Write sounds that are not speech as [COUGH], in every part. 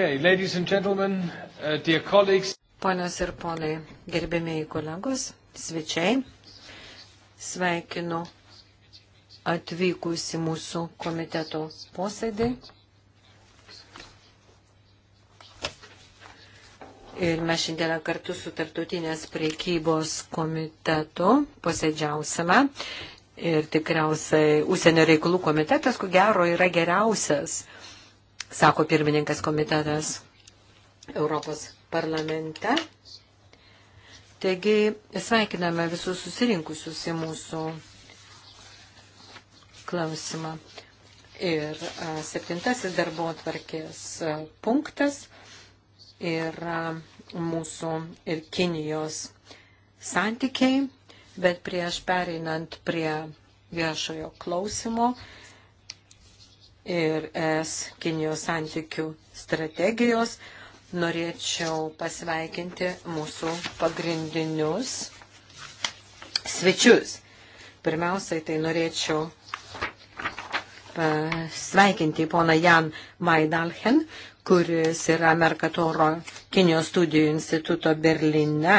Okay, ladies and gentlemen, uh, dear colleagues. Ponios ir ponai, gerbėmiai kolegos, svečiai, sveikinu atvykusi mūsų komiteto posėdį. Ir mes šiandieną kartu su Tartutinės priekybos komitetu posėdžiausime. Ir tikriausiai Užsienio reikalų komitetas, ko gero, yra geriausias uh, sako pirmininkas komitetas Europos parlamente. Taigi sveikiname visus susirinkusius į mūsų klausimą. Ir septintasis darbo atvarkės punktas yra mūsų ir Kinijos santykiai, bet prieš pereinant prie viešojo klausimo, ir es Kinijos santykių strategijos. Norėčiau pasveikinti mūsų pagrindinius svečius. Pirmiausiai tai norėčiau pasveikinti poną Jan Maidalchen, kuris yra Merkatoro Kinijos studijų instituto Berline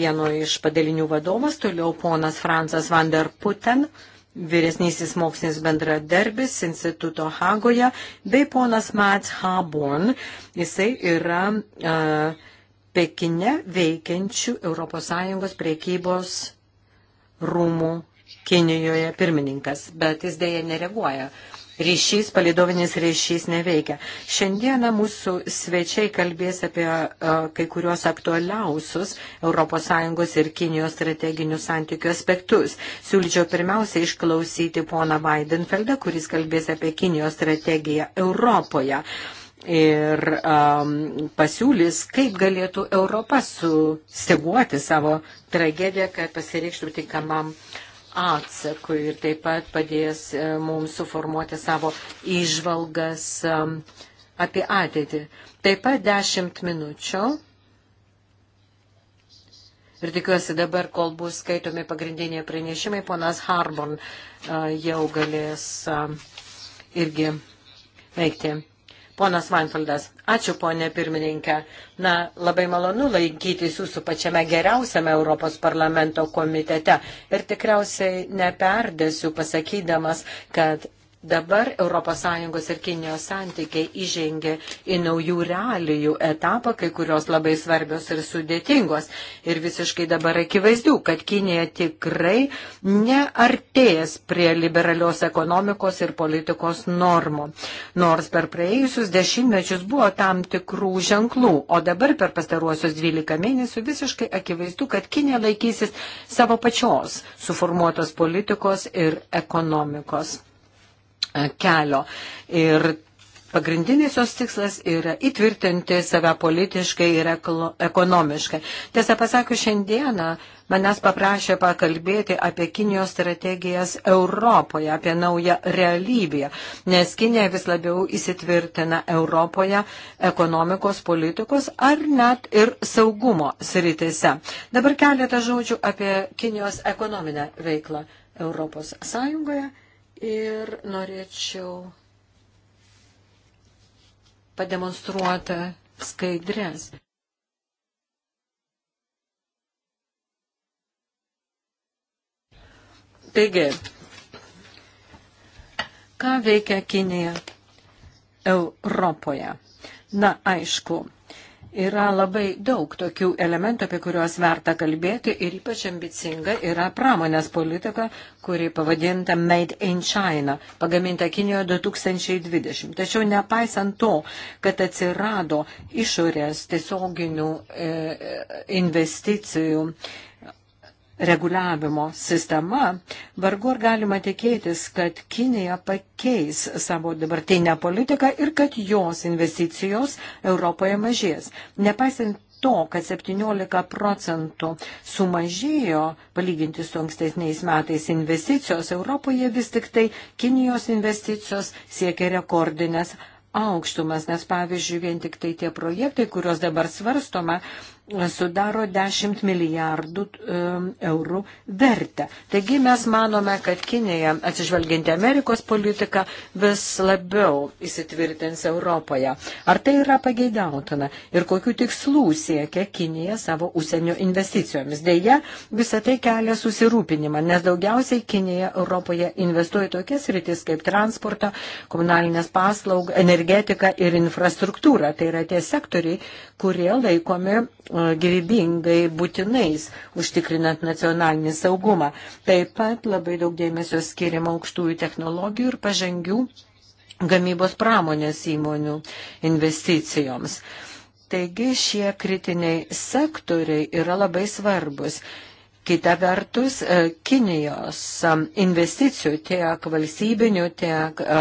vieno iš padalinių vadovas, toliau ponas Francas van der Putten, vyresnysis mokslinis bendradarbis instituto Hagoje, bei ponas Mats Haborn. Jisai yra uh, Pekine veikiančių ES priekybos rūmų Kinijoje pirmininkas, bet jis dėja nereaguoja ryšys, palidovinis ryšys neveikia. Šiandieną mūsų svečiai kalbės apie e, kai kurios aktualiausius ES ir Kinijos strateginių santykių aspektus. Siūlyčiau pirmiausia išklausyti poną Weidenfeldą, kuris kalbės apie Kinijos strategiją Europoje. Ir um, pasiūlys, kaip galėtų Europa susteguoti savo tragediją, kad pasireikštų tinkamam uh, atsakui ir taip pat padės e, mums suformuoti savo išvalgas e, apie ateitį. Taip pat dešimt minučių. Ir tikiuosi dabar, kol bus skaitomi pagrindiniai pranešimai, ponas Harborn e, jau galės irgi veikti. Ponas Weinfeldas, ačiū ponė pirmininkė. Na, labai malonu laikytis jūsų pačiame geriausiame Europos parlamento komitete. Ir tikriausiai neperdėsiu pasakydamas, kad Dabar ES ir Kinijos santykiai įžengė į naujų realijų etapą, kai kurios labai svarbios ir sudėtingos. Ir visiškai dabar akivaizdu, kad Kinija tikrai neartės prie liberalios ekonomikos ir politikos normų. Nors per praėjusius dešimtmečius buvo tam tikrų ženklų, o dabar per pastaruosius 12 mėnesių visiškai akivaizdu, kad Kinija laikysis savo pačios suformuotos politikos ir ekonomikos E, kelio. Ir Pagrindinis jos tikslas yra įtvirtinti save politiškai ir ekonomiškai. Tiesą pasakius, šiandieną manęs paprašė pakalbėti apie Kinijos strategijas Europoje, apie naują realybę, nes Kinija vis labiau įsitvirtina Europoje ekonomikos, politikos ar net ir saugumo sritise. Dabar keletą žodžių apie Kinijos ekonominę veiklą Europos Sąjungoje ir norėčiau pademonstruoti skaidrės. Taigi, ką veikia Kinija Europoje? Na, aišku, Yra labai daug tokių elementų, apie kuriuos verta kalbėti ir ypač ambicinga yra pramonės politika, kuri pavadinta Made in China, pagaminta Kinijoje 2020. Tačiau nepaisant to, kad atsirado išorės tiesioginių e, e investicijų, e, reguliavimo sistema, vargu ar galima tikėtis, kad Kinija pakeis savo dabartinę politiką ir kad jos investicijos Europoje mažės. Nepaisant to, kad 17 procentų sumažėjo, palyginti su ankstesniais metais, investicijos Europoje vis tik tai Kinijos investicijos siekia rekordinės aukštumas, nes pavyzdžiui, vien tik tai tie projektai, kuriuos dabar svarstoma, sudaro 10 milijardų eurų vertę. Taigi mes manome, kad Kinėje, atsižvelginti Amerikos politiką, vis labiau įsitvirtins Europoje. Ar tai yra pageidautina ir kokiu tikslų siekia Kinėje savo užsienio investicijomis? Deja, visa tai kelia susirūpinimą, nes daugiausiai Kinėje Europoje investuoja tokias rytis kaip transportą, komunalinės paslaugą, energetiką ir infrastruktūrą. Tai yra tie sektoriai, kurie laikomi E, gyvybingai būtinais, užtikrinant nacionalinį saugumą. Taip pat labai daug dėmesio skiriama aukštųjų technologijų ir pažangių gamybos pramonės įmonių investicijoms. Taigi šie kritiniai sektoriai yra labai svarbus Kita vertus, e, Kinijos e, investicijų tiek valstybinių, tiek e,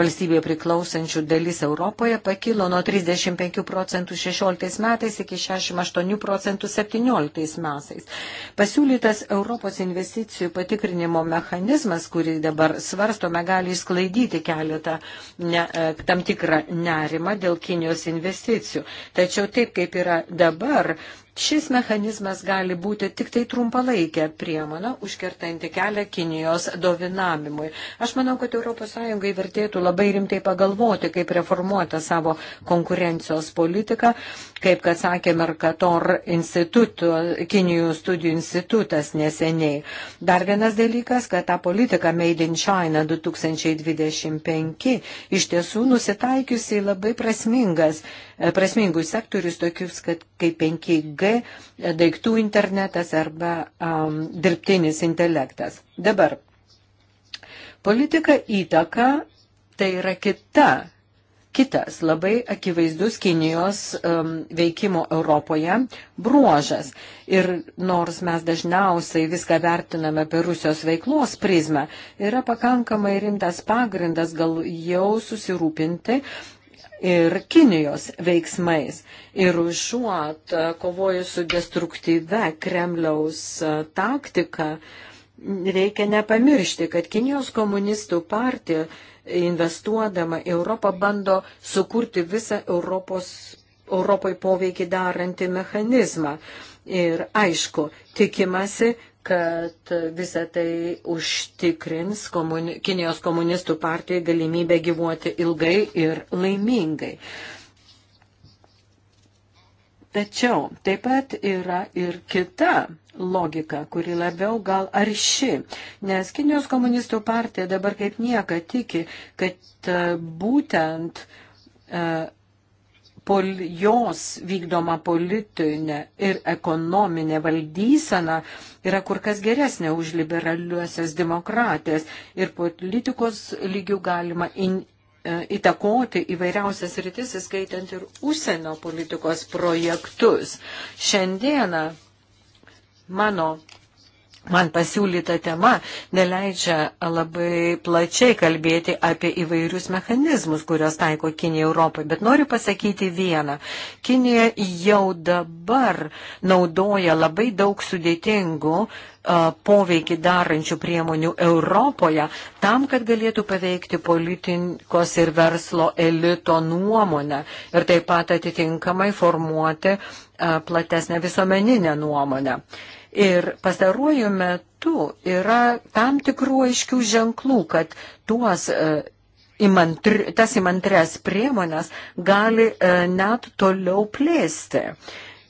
valstybėje priklausančių dalis Europoje pakilo nuo 35 procentų 16 metais iki 68 procentų 17 metais. Pasiūlytas Europos investicijų patikrinimo mechanizmas, kurį dabar svarstome, gali išsklaidyti keletą ne, tam tikrą nerimą dėl Kinijos investicijų. Tačiau taip kaip yra dabar, Šis mechanizmas gali būti tik tai trumpalaikė priemonė, užkertanti kelią Kinijos dovinamimui. Aš manau, kad ES vertėtų labai rimtai pagalvoti, kaip reformuoti savo konkurencijos politiką, kaip, kad sakė Merkator instituto, Kinijų studijų institutas neseniai. Dar vienas dalykas, kad ta politika Made in China 2025 iš tiesų nusitaikiusi labai prasmingas E, prasmingus sektorius, tokius kad, kaip 5G, e, daiktų internetas arba um, dirbtinis intelektas. Dabar, politika įtaka tai yra kita kitas labai akivaizdus Kinijos um, veikimo Europoje bruožas. Ir nors mes dažniausiai viską vertiname per Rusijos veiklos prizmę, yra pakankamai rimtas pagrindas gal jau susirūpinti, ir Kinijos veiksmais. Ir užuot e, kovojus su destruktyve Kremliaus e, taktika, reikia nepamiršti, kad Kinijos komunistų partija investuodama į Europą bando sukurti visą Europos, Europai poveikį darantį mechanizmą. Ir aišku, tikimasi, kad visą tai užtikrins komuni Kinijos komunistų partijai galimybę gyvuoti ilgai ir laimingai. Tačiau taip pat yra ir kita logika, kuri labiau gal arši, nes Kinijos komunistų partija dabar kaip nieka tiki, kad e, būtent e, pol, jos vykdoma politinė ir ekonominė valdysena yra kur kas geresnė už liberaliuosias demokratijas ir politikos lygių galima in, e, įtakoti įvairiausias rytis, įskaitant ir užsienio politikos projektus. Šiandieną mano man pasiūlyta tema neleidžia labai plačiai kalbėti apie įvairius mechanizmus, kurios taiko Kinija Europai. Bet noriu pasakyti vieną. Kinija jau dabar naudoja labai daug sudėtingų uh, poveikį darančių priemonių Europoje tam, kad galėtų paveikti politikos ir verslo elito nuomonę ir taip pat atitinkamai formuoti uh, platesnę visuomeninę nuomonę. Uh, Ir pastaruoju metu yra tam tikrų aiškių ženklų, kad tuos, imantri, e, tas įmantrias priemonės gali e, net toliau plėsti.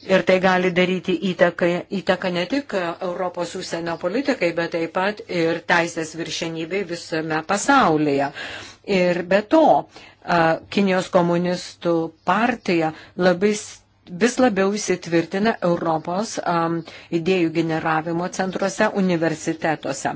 Ir tai gali daryti įtaką, įtaką ne tik Europos užsienio politikai, bet taip pat ir teisės viršenybei visame pasaulyje. Ir be to, e, Kinijos komunistų partija labai stipriai vis labiau įsitvirtina Europos um, idėjų generavimo centruose, universitetuose.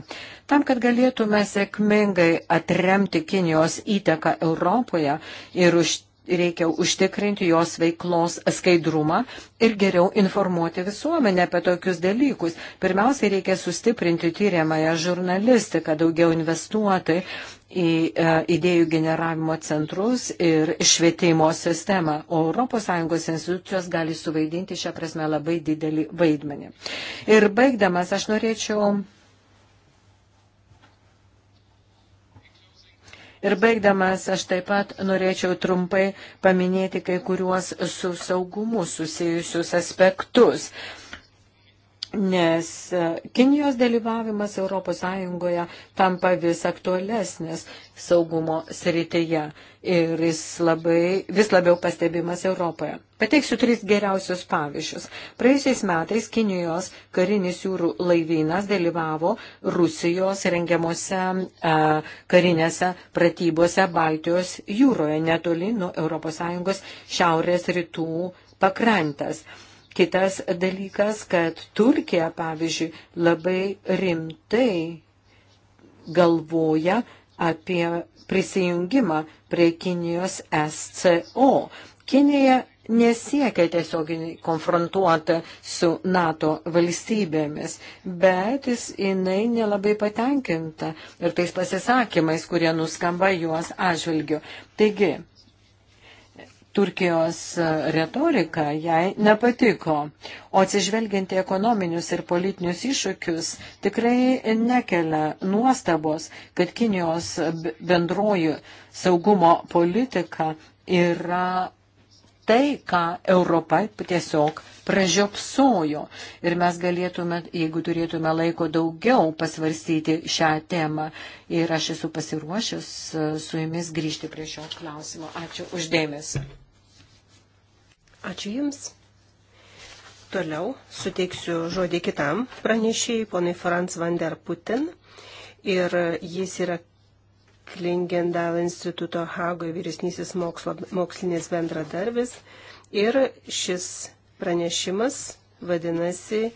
Tam, kad galėtume sėkmingai atremti Kinijos įteką Europoje ir už, reikia užtikrinti jos veiklos skaidrumą ir geriau informuoti visuomenę apie tokius dalykus. Pirmiausia, reikia sustiprinti tyriamąją žurnalistiką, daugiau investuoti į e, idėjų generavimo centrus ir švietimo sistemą. O ES institucijos gali suvaidinti šią prasme labai didelį vaidmenį. Ir baigdamas, aš norėčiau. Ir baigdamas, aš taip pat norėčiau trumpai paminėti kai kuriuos su saugumu susijusius aspektus nes e, Kinijos dalyvavimas ES tampa vis aktualesnis saugumo srityje ir jis labai, vis labiau pastebimas Europoje. Pateiksiu tris geriausius pavyzdžius. Praėjusiais metais Kinijos karinis jūrų laivynas dalyvavo Rusijos rengiamuose a, e, karinėse pratybose Baltijos jūroje netoli nuo ES šiaurės rytų pakrantas. Kitas dalykas, kad Turkija, pavyzdžiui, labai rimtai galvoja apie prisijungimą prie Kinijos SCO. Kinija nesiekia tiesioginį konfrontuoti su NATO valstybėmis, bet jis, jinai nelabai patenkinta ir tais pasisakymais, kurie nuskamba juos atžvilgiu. Taigi, Turkijos e, retorika jai nepatiko, o atsižvelgiant į ekonominius ir politinius iššūkius tikrai nekelia nuostabos, kad Kinijos bendroji saugumo politika yra tai, ką Europa tiesiog pražiopsojo. Ir mes galėtume, jeigu turėtume laiko daugiau, pasvarstyti šią temą. Ir aš esu pasiruošęs e, su jumis grįžti prie šio klausimo. Ačiū uždėmesi. Ačiū Jums. Toliau suteiksiu žodį kitam pranešėjai, ponai Franz van der Putin. Ir jis yra Klingendal instituto Hagoje vyresnysis mokslo, mokslinės bendradarbis. Ir šis pranešimas vadinasi e,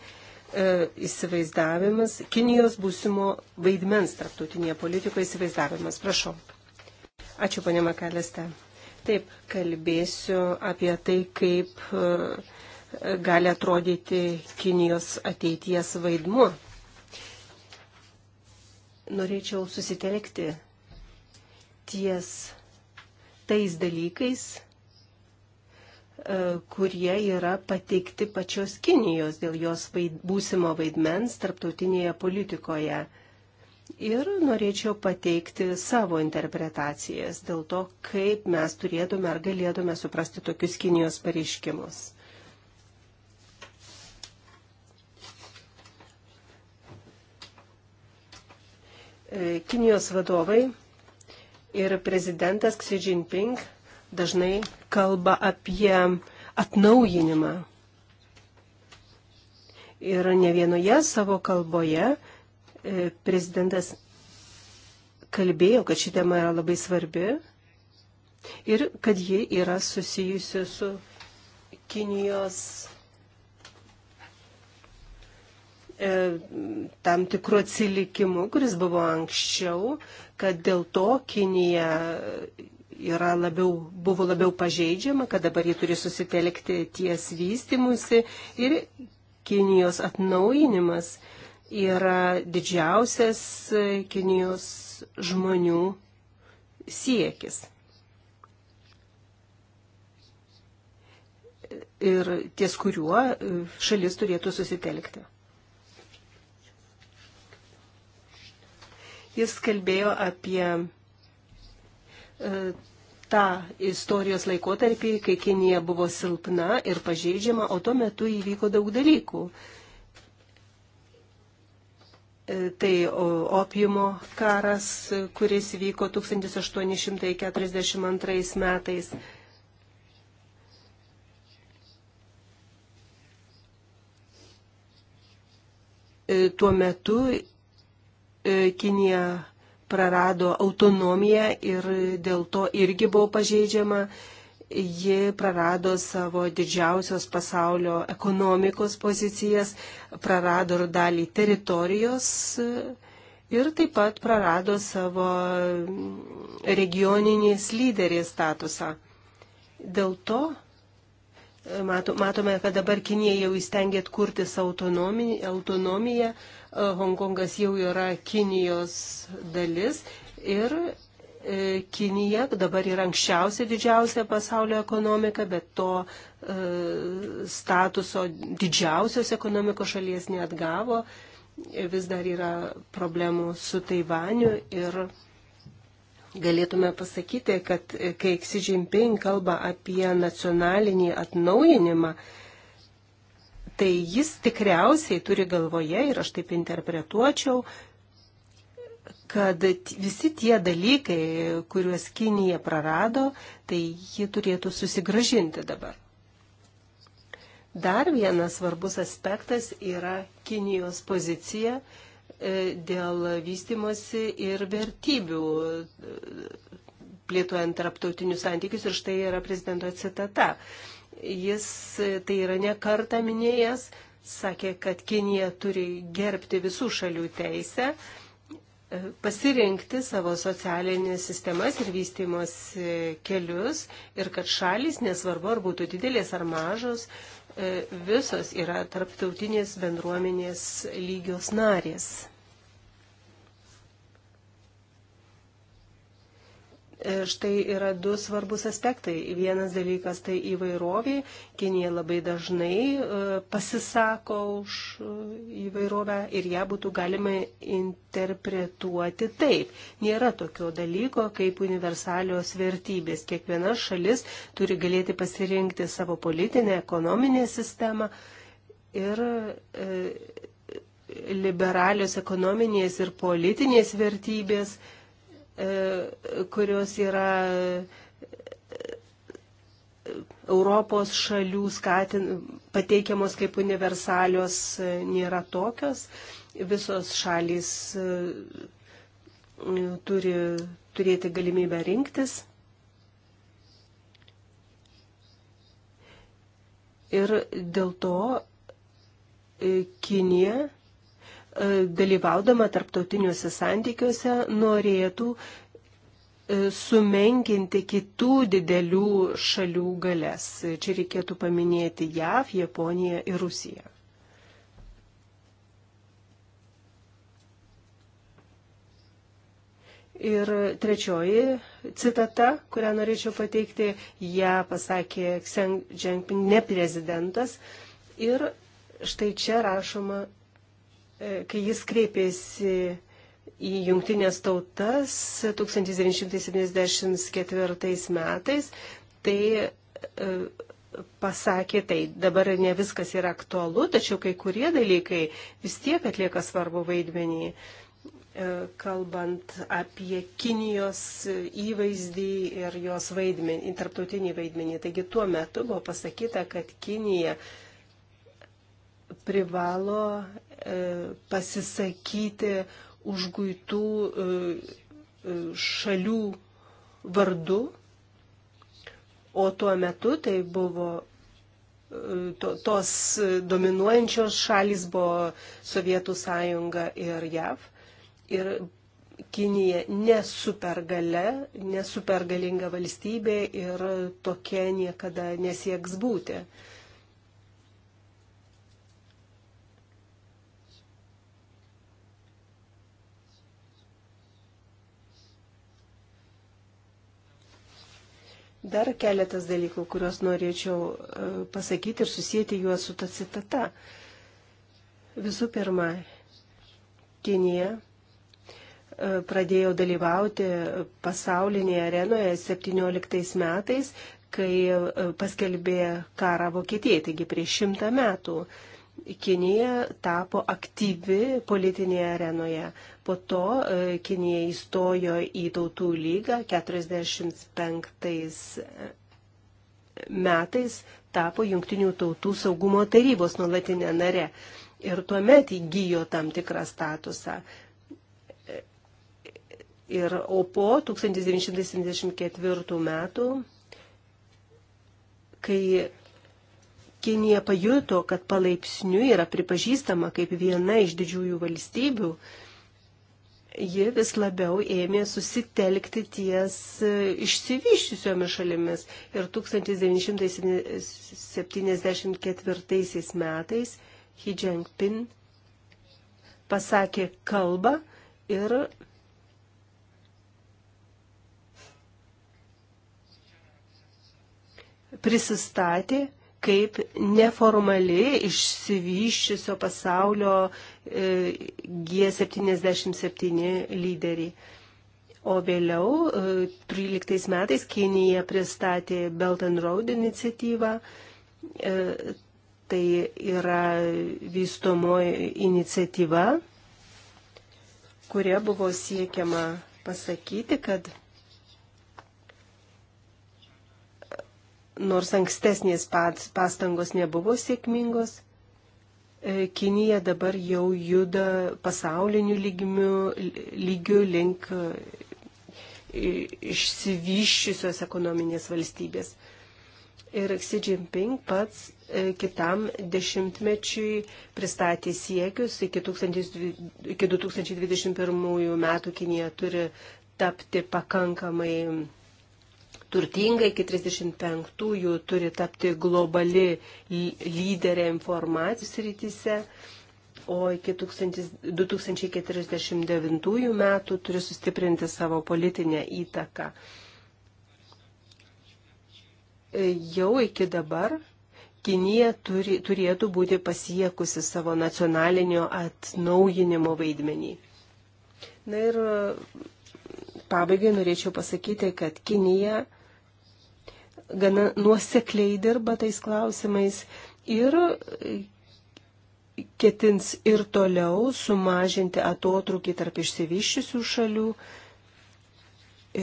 įsivaizdavimas, Kinijos būsimo vaidmens tarptautinėje politikoje įsivaizdavimas. Prašau. Ačiū, ponė Makalėste. Taip, kalbėsiu apie tai, kaip e, gali atrodyti Kinijos ateities vaidmuo. Norėčiau susitelkti ties tais dalykais, e, kurie yra pateikti pačios Kinijos dėl jos vaid, būsimo vaidmens tarptautinėje politikoje ir norėčiau pateikti savo interpretacijas dėl to, kaip mes turėtume ar galėtume suprasti tokius Kinijos pareiškimus. E, Kinijos vadovai ir prezidentas Xi Jinping dažnai kalba apie atnaujinimą. Ir ne vienoje savo kalboje E, prezidentas kalbėjo, kad ši tema yra labai svarbi ir kad ji yra susijusi su Kinijos e, tam tikru atsilikimu, kuris buvo anksčiau, kad dėl to Kinija yra labiau, buvo labiau pažeidžiama, kad dabar ji turi susitelkti ties vystimusi ir Kinijos atnaujinimas yra didžiausias Kinijos žmonių siekis. Ir ties kuriuo šalis turėtų susitelkti. Jis kalbėjo apie e, tą istorijos laikotarpį, kai Kinija buvo silpna ir pažeidžiama, o tuo metu įvyko daug dalykų. E, tai opiumo karas, kuris vyko 1842 metais. E, tuo metu e, Kinija prarado autonomiją ir dėl to irgi buvo pažeidžiama ji prarado savo didžiausios pasaulio ekonomikos pozicijas, prarado ir dalį teritorijos ir taip pat prarado savo regioninės lyderės statusą. Dėl to e, matome, kad dabar Kinė jau įstengia atkurtis autonomiją, e, Hongkongas jau yra Kinijos dalis ir E, Kinija dabar yra anksčiausia didžiausia pasaulio ekonomika, bet to e, statuso didžiausios ekonomikos šalies neatgavo. E, vis dar yra problemų su Taivaniu ir galėtume pasakyti, kad kai Xi Jinping kalba apie nacionalinį atnaujinimą, tai jis tikriausiai turi galvoje, ir aš taip interpretuočiau, kad visi tie dalykai, kuriuos Kinija prarado, tai ji turėtų susigražinti dabar. Dar vienas svarbus aspektas yra Kinijos pozicija e, dėl vystimosi ir vertybių e, plėtojant tarptautinius santykius ir štai yra prezidento citata. Jis e, tai yra nekarta minėjęs, sakė, kad Kinija turi gerbti visų šalių teisę, pasirinkti savo socialinės sistemas ir vystimos e, kelius ir kad šalis, nesvarbu ar būtų didelės ar mažos, e, visos yra tarptautinės bendruomenės lygios narės. E, štai yra du svarbus aspektai. Vienas dalykas tai įvairovė. Kinija labai dažnai pasisako už įvairovę ir ją būtų galima interpretuoti taip. Nėra tokio dalyko kaip universalios vertybės. Kiekviena šalis turi galėti pasirinkti savo politinę, ekonominę sistemą ir e, liberalios ekonominės ir politinės vertybės, e, kurios yra e, Europos šalių skatin, pateikiamos kaip universalios e, nėra tokios. Visos šalys e, turi turėti galimybę rinktis. Ir dėl to e, Kinija dalyvaudama tarptautiniuose santykiuose norėtų E, sumenkinti kitų didelių šalių galės. Čia reikėtų paminėti JAV, Japoniją ir Rusiją. Ir trečioji citata, kurią norėčiau pateikti, ją pasakė Xen Jinping, ne prezidentas. Ir štai čia rašoma, e, kai jis kreipėsi į jungtinės tautas 1974 metais, tai e, pasakė tai, dabar ne viskas yra aktualu, tačiau kai kurie dalykai vis tiek atlieka svarbu vaidmenį, e, kalbant apie Kinijos įvaizdį ir jos vaidmenį, tarptautinį vaidmenį. Taigi tuo metu buvo pasakyta, kad Kinija privalo e, pasisakyti užguitų e, e, šalių vardu, o tuo metu tai buvo e, to, tos dominuojančios šalis buvo Sovietų sąjunga ir JAV. Ir Kinija nesupergale, nesupergalinga valstybė ir tokia niekada nesieks būti. Uh, Dar keletas dalykų, kuriuos norėčiau e, pasakyti ir susijęti juos su ta citata. Visų pirma, Kinija e, pradėjo dalyvauti pasaulinėje arenoje 17 metais, kai e, paskelbė karą Vokietijai, taigi prieš šimtą metų. Kinija tapo aktyvi politinėje arenoje. Po to e, Kinija įstojo į tautų lygą 45 e, metais tapo Junktinių tautų saugumo tarybos nuolatinė nare. Ir tuomet įgyjo tam tikrą statusą. E, ir, o po 1974 metų, kai Kinija pajuto, kad palaipsniui yra pripažįstama kaip viena iš didžiųjų valstybių, ji vis labiau ėmė susitelkti ties e, išsivyščiusiomis šalimis. Ir 1974 metais Xi Jinping pasakė kalbą ir prisistatė kaip neformali išsivyščiusio pasaulio e, G77 lyderiai. O vėliau, 13 e, metais, Kinija pristatė Belt and Road iniciatyvą. E, tai yra vystomoji iniciatyva, kuria buvo siekiama pasakyti, kad nors ankstesnės pastangos nebuvo sėkmingos, e, Kinija dabar jau juda pasauliniu lygmiu, lygiu link e, išsivyščiusios ekonominės valstybės. Ir Xi Jinping pats e, kitam dešimtmečiui pristatė siekius. Iki, 2000, iki 2021 metų Kinija turi tapti pakankamai turtinga iki 35-ųjų turi tapti globali lyderė informacijos rytise, o iki 2049 metų turi sustiprinti savo politinę įtaką. Jau iki dabar Kinija turi, turėtų būti pasiekusi savo nacionalinio atnaujinimo vaidmenį. Na ir pabaigai norėčiau pasakyti, kad Kinija gana nuosekliai dirba tais klausimais ir ketins ir toliau sumažinti atotrukį tarp išsivyščiusių šalių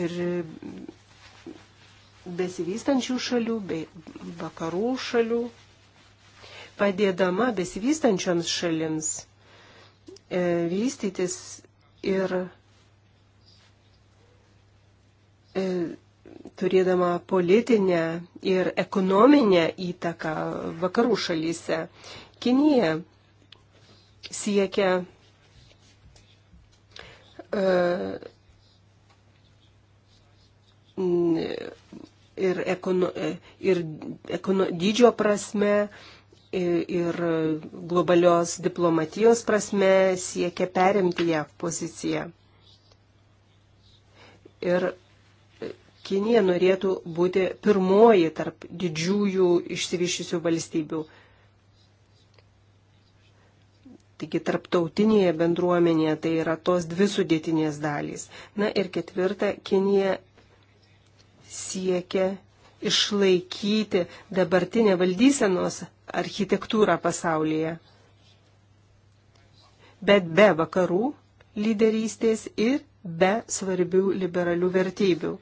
ir besivystančių šalių bei vakarų šalių, padėdama besivystančioms šalims e, vystytis ir e, turėdama politinę ir ekonominę įtaką vakarų šalyse. Kinija siekia uh, ir, ekono, e, ir ekono, dydžio prasme e, ir globalios diplomatijos prasme siekia perimti ją poziciją. Ir Kinija norėtų būti pirmoji tarp didžiųjų išsivyščiusių valstybių. Taigi tarptautinėje bendruomenėje tai yra tos dvi sudėtinės dalys. Na ir ketvirta, Kinija siekia išlaikyti dabartinę valdysenos architektūrą pasaulyje. Bet be vakarų lyderystės ir be svarbių liberalių vertybių.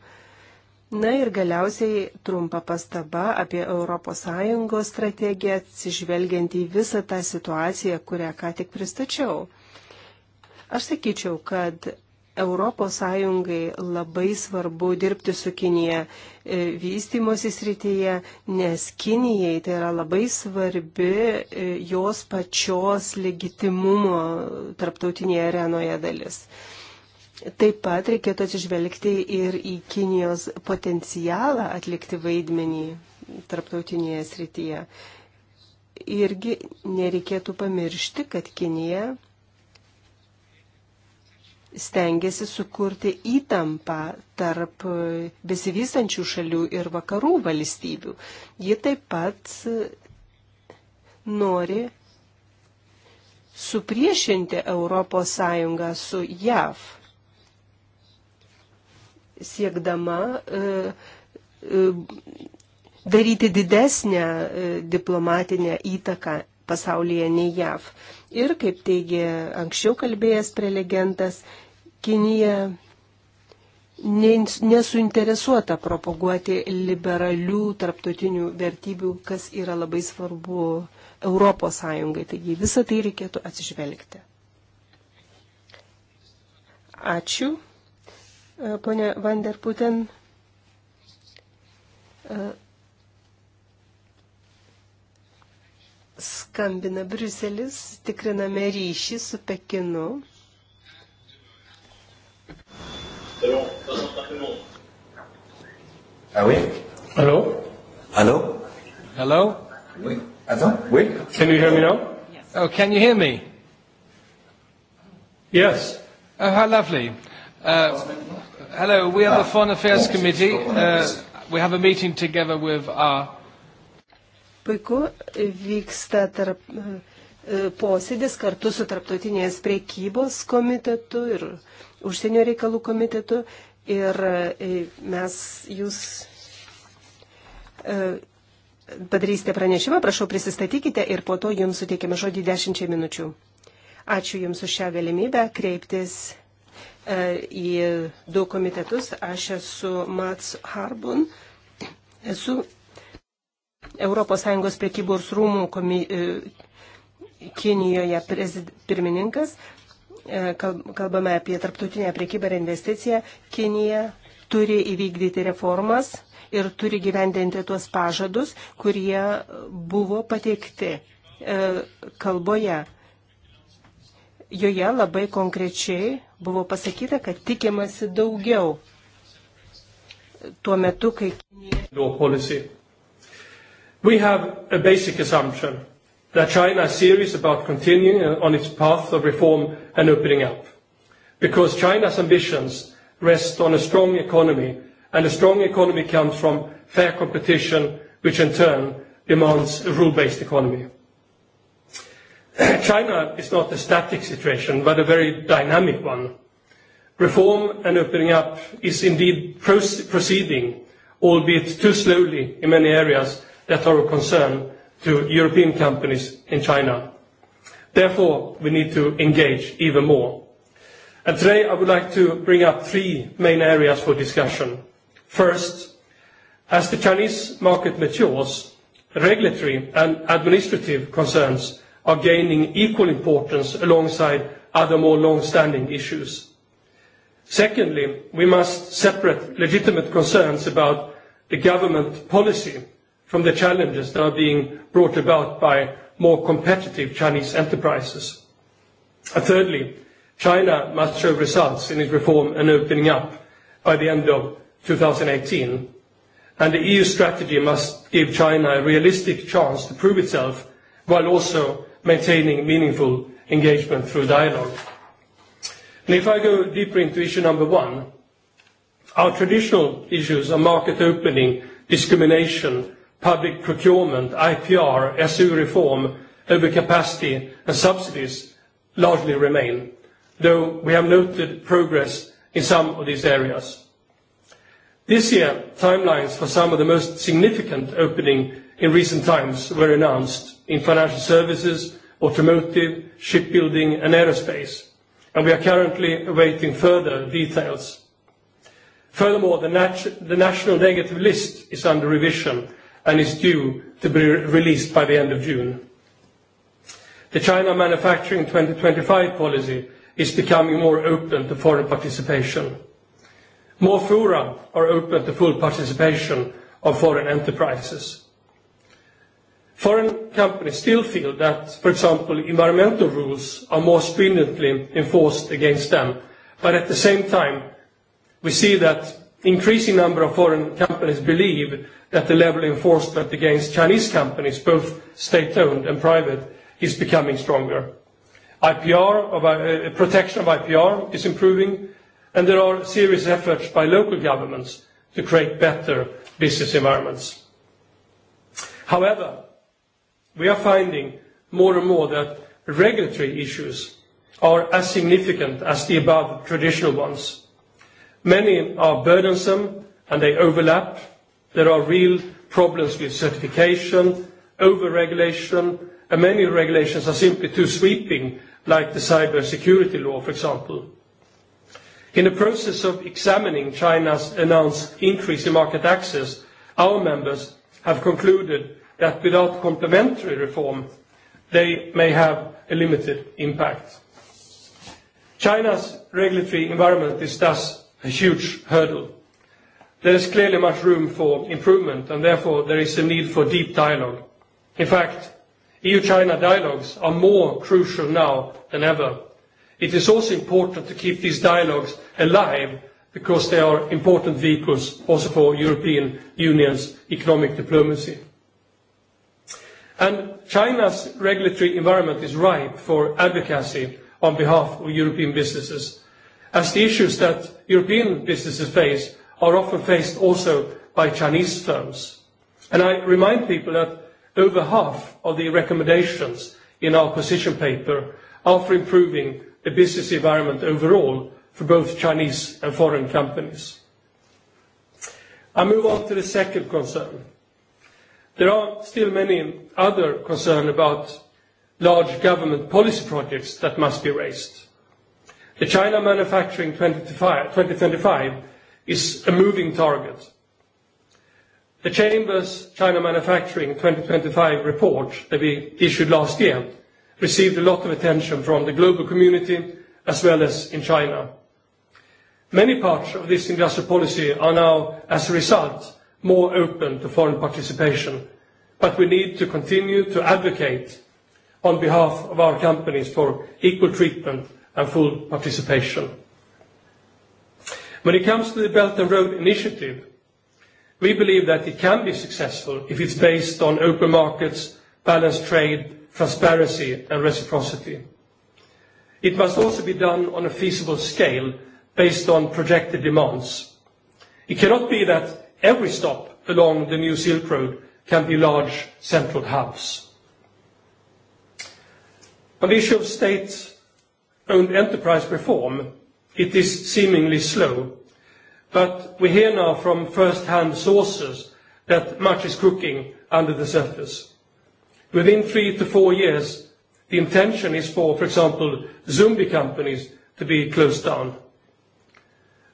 Na ir galiausiai trumpa pastaba apie ES strategiją, atsižvelgiant į visą tą situaciją, kurią ką tik pristačiau. Aš sakyčiau, kad ES labai svarbu dirbti su Kinija e, vystimosi srityje, nes Kinijai tai yra labai svarbi e, jos pačios legitimumo tarptautinėje arenoje dalis. Taip pat reikėtų atsižvelgti ir į Kinijos potencialą atlikti vaidmenį tarptautinėje srityje. Irgi nereikėtų pamiršti, kad Kinija stengiasi sukurti įtampą tarp besivystančių šalių ir vakarų valstybių. Ji taip pat nori supriešinti ES su JAV siekdama e, e, daryti didesnę e, diplomatinę įtaką pasaulyje nei JAV. Ir, kaip teigė anksčiau kalbėjęs prelegentas, Kinija nesuinteresuota propaguoti liberalių tarptautinių vertybių, kas yra labai svarbu Europos Sąjungai. Taigi visą tai reikėtų atsižvelgti. Ačiū. E, Pone Vanderputen, e, skambina Briuselis, tikriname ryšį su Pekinu. Ah oui Allô Allô Hello Oui. Attends, oui Can you hear me now? Yes. Oh, can you hear me? Yes. Oh, ah, how lovely. Uh, hello, we are the Foreign Affairs Committee. Uh, we have a meeting together with our. Puiku, vyksta tarp, uh, posėdis kartu su Tarptautinės priekybos komitetu ir užsienio reikalų komitetu. Ir e, mes jūs e, padarysite pranešimą, prašau prisistatykite ir po to jums suteikėme žodį dešimčiai minučių. Ačiū Jums už šią galimybę kreiptis E, į du komitetus. Aš esu Mats Harbun, esu ES priekybos rūmų komi... E, Kinijoje pirmininkas. E, kalbame apie tarptautinę priekybą ir investiciją. Kinija turi įvykdyti reformas ir turi gyvendinti tuos pažadus, kurie buvo pateikti kalboje. Joje labai konkrečiai buvo pasakyta, kad tikimasi daugiau tuo metu, kai Kinija. That China is serious about continuing on its path of reform and opening up. Because China's ambitions rest on a strong economy, and a strong economy comes from fair competition, which in turn demands a rule based economy. [COUGHS] China is not a static situation, but a very dynamic one. Reform and opening up is indeed proceeding, albeit too slowly in many areas that are of concern to European companies in China. Therefore, we need to engage even more. And today, I would like to bring up three main areas for discussion. First, as the Chinese market matures, regulatory and administrative concerns are gaining equal importance alongside other more long-standing issues. Secondly, we must separate legitimate concerns about the government policy from the challenges that are being brought about by more competitive Chinese enterprises. And thirdly, China must show results in its reform and opening up by the end of 2018, and the EU strategy must give China a realistic chance to prove itself while also maintaining meaningful engagement through dialogue. And if I go deeper into issue number one, our traditional issues are market opening, discrimination, public procurement, IPR, SU reform, overcapacity, and subsidies largely remain, though we have noted progress in some of these areas. This year, timelines for some of the most significant opening in recent times were announced in financial services, automotive, shipbuilding, and aerospace, and we are currently awaiting further details. Furthermore, the, nat the national negative list is under revision and is due to be re released by the end of June. The China Manufacturing 2025 policy is becoming more open to foreign participation. More fora are open to full participation of foreign enterprises. Foreign companies still feel that, for example, environmental rules are more stringently enforced against them. But at the same time, we see that increasing number of foreign companies believe that the level of enforcement against Chinese companies, both state-owned and private, is becoming stronger. IPR, of, uh, uh, protection of IPR is improving, and there are serious efforts by local governments to create better business environments. However, we are finding more and more that regulatory issues are as significant as the above traditional ones. Many are burdensome, and they overlap. There are real problems with certification, over-regulation, and many regulations are simply too sweeping, like the cybersecurity law, for example. In the process of examining China's announced increase in market access, our members have concluded that without complementary reform, they may have a limited impact. China's regulatory environment is thus a huge hurdle. There is clearly much room for improvement, and therefore there is a need for deep dialogue. In fact, EU-China dialogues are more crucial now than ever. It is also important to keep these dialogues alive because they are important vehicles also for European Union's economic diplomacy. And China's regulatory environment is ripe for advocacy on behalf of European businesses, as the issues that European businesses face are often faced also by Chinese firms. And I remind people that over half of the recommendations in our position paper are for improving the business environment overall for both Chinese and foreign companies. I move on to the second concern, There are still many other concern about large government policy projects that must be raised. The China Manufacturing 2025 is a moving target. The Chamber's China Manufacturing 2025 report that we issued last year received a lot of attention from the global community as well as in China. Many parts of this industrial policy are now, as a result, more open to foreign participation, but we need to continue to advocate on behalf of our companies for equal treatment and full participation. When it comes to the Belt and Road Initiative, we believe that it can be successful if it's based on open markets, balanced trade, transparency, and reciprocity. It must also be done on a feasible scale based on projected demands. It cannot be that every stop along the new Silk Road can be large central hubs. On the issue of state-owned enterprise reform, it is seemingly slow, but we hear now from first-hand sources that much is cooking under the surface. Within three to four years, the intention is for, for example, zombie companies to be closed down.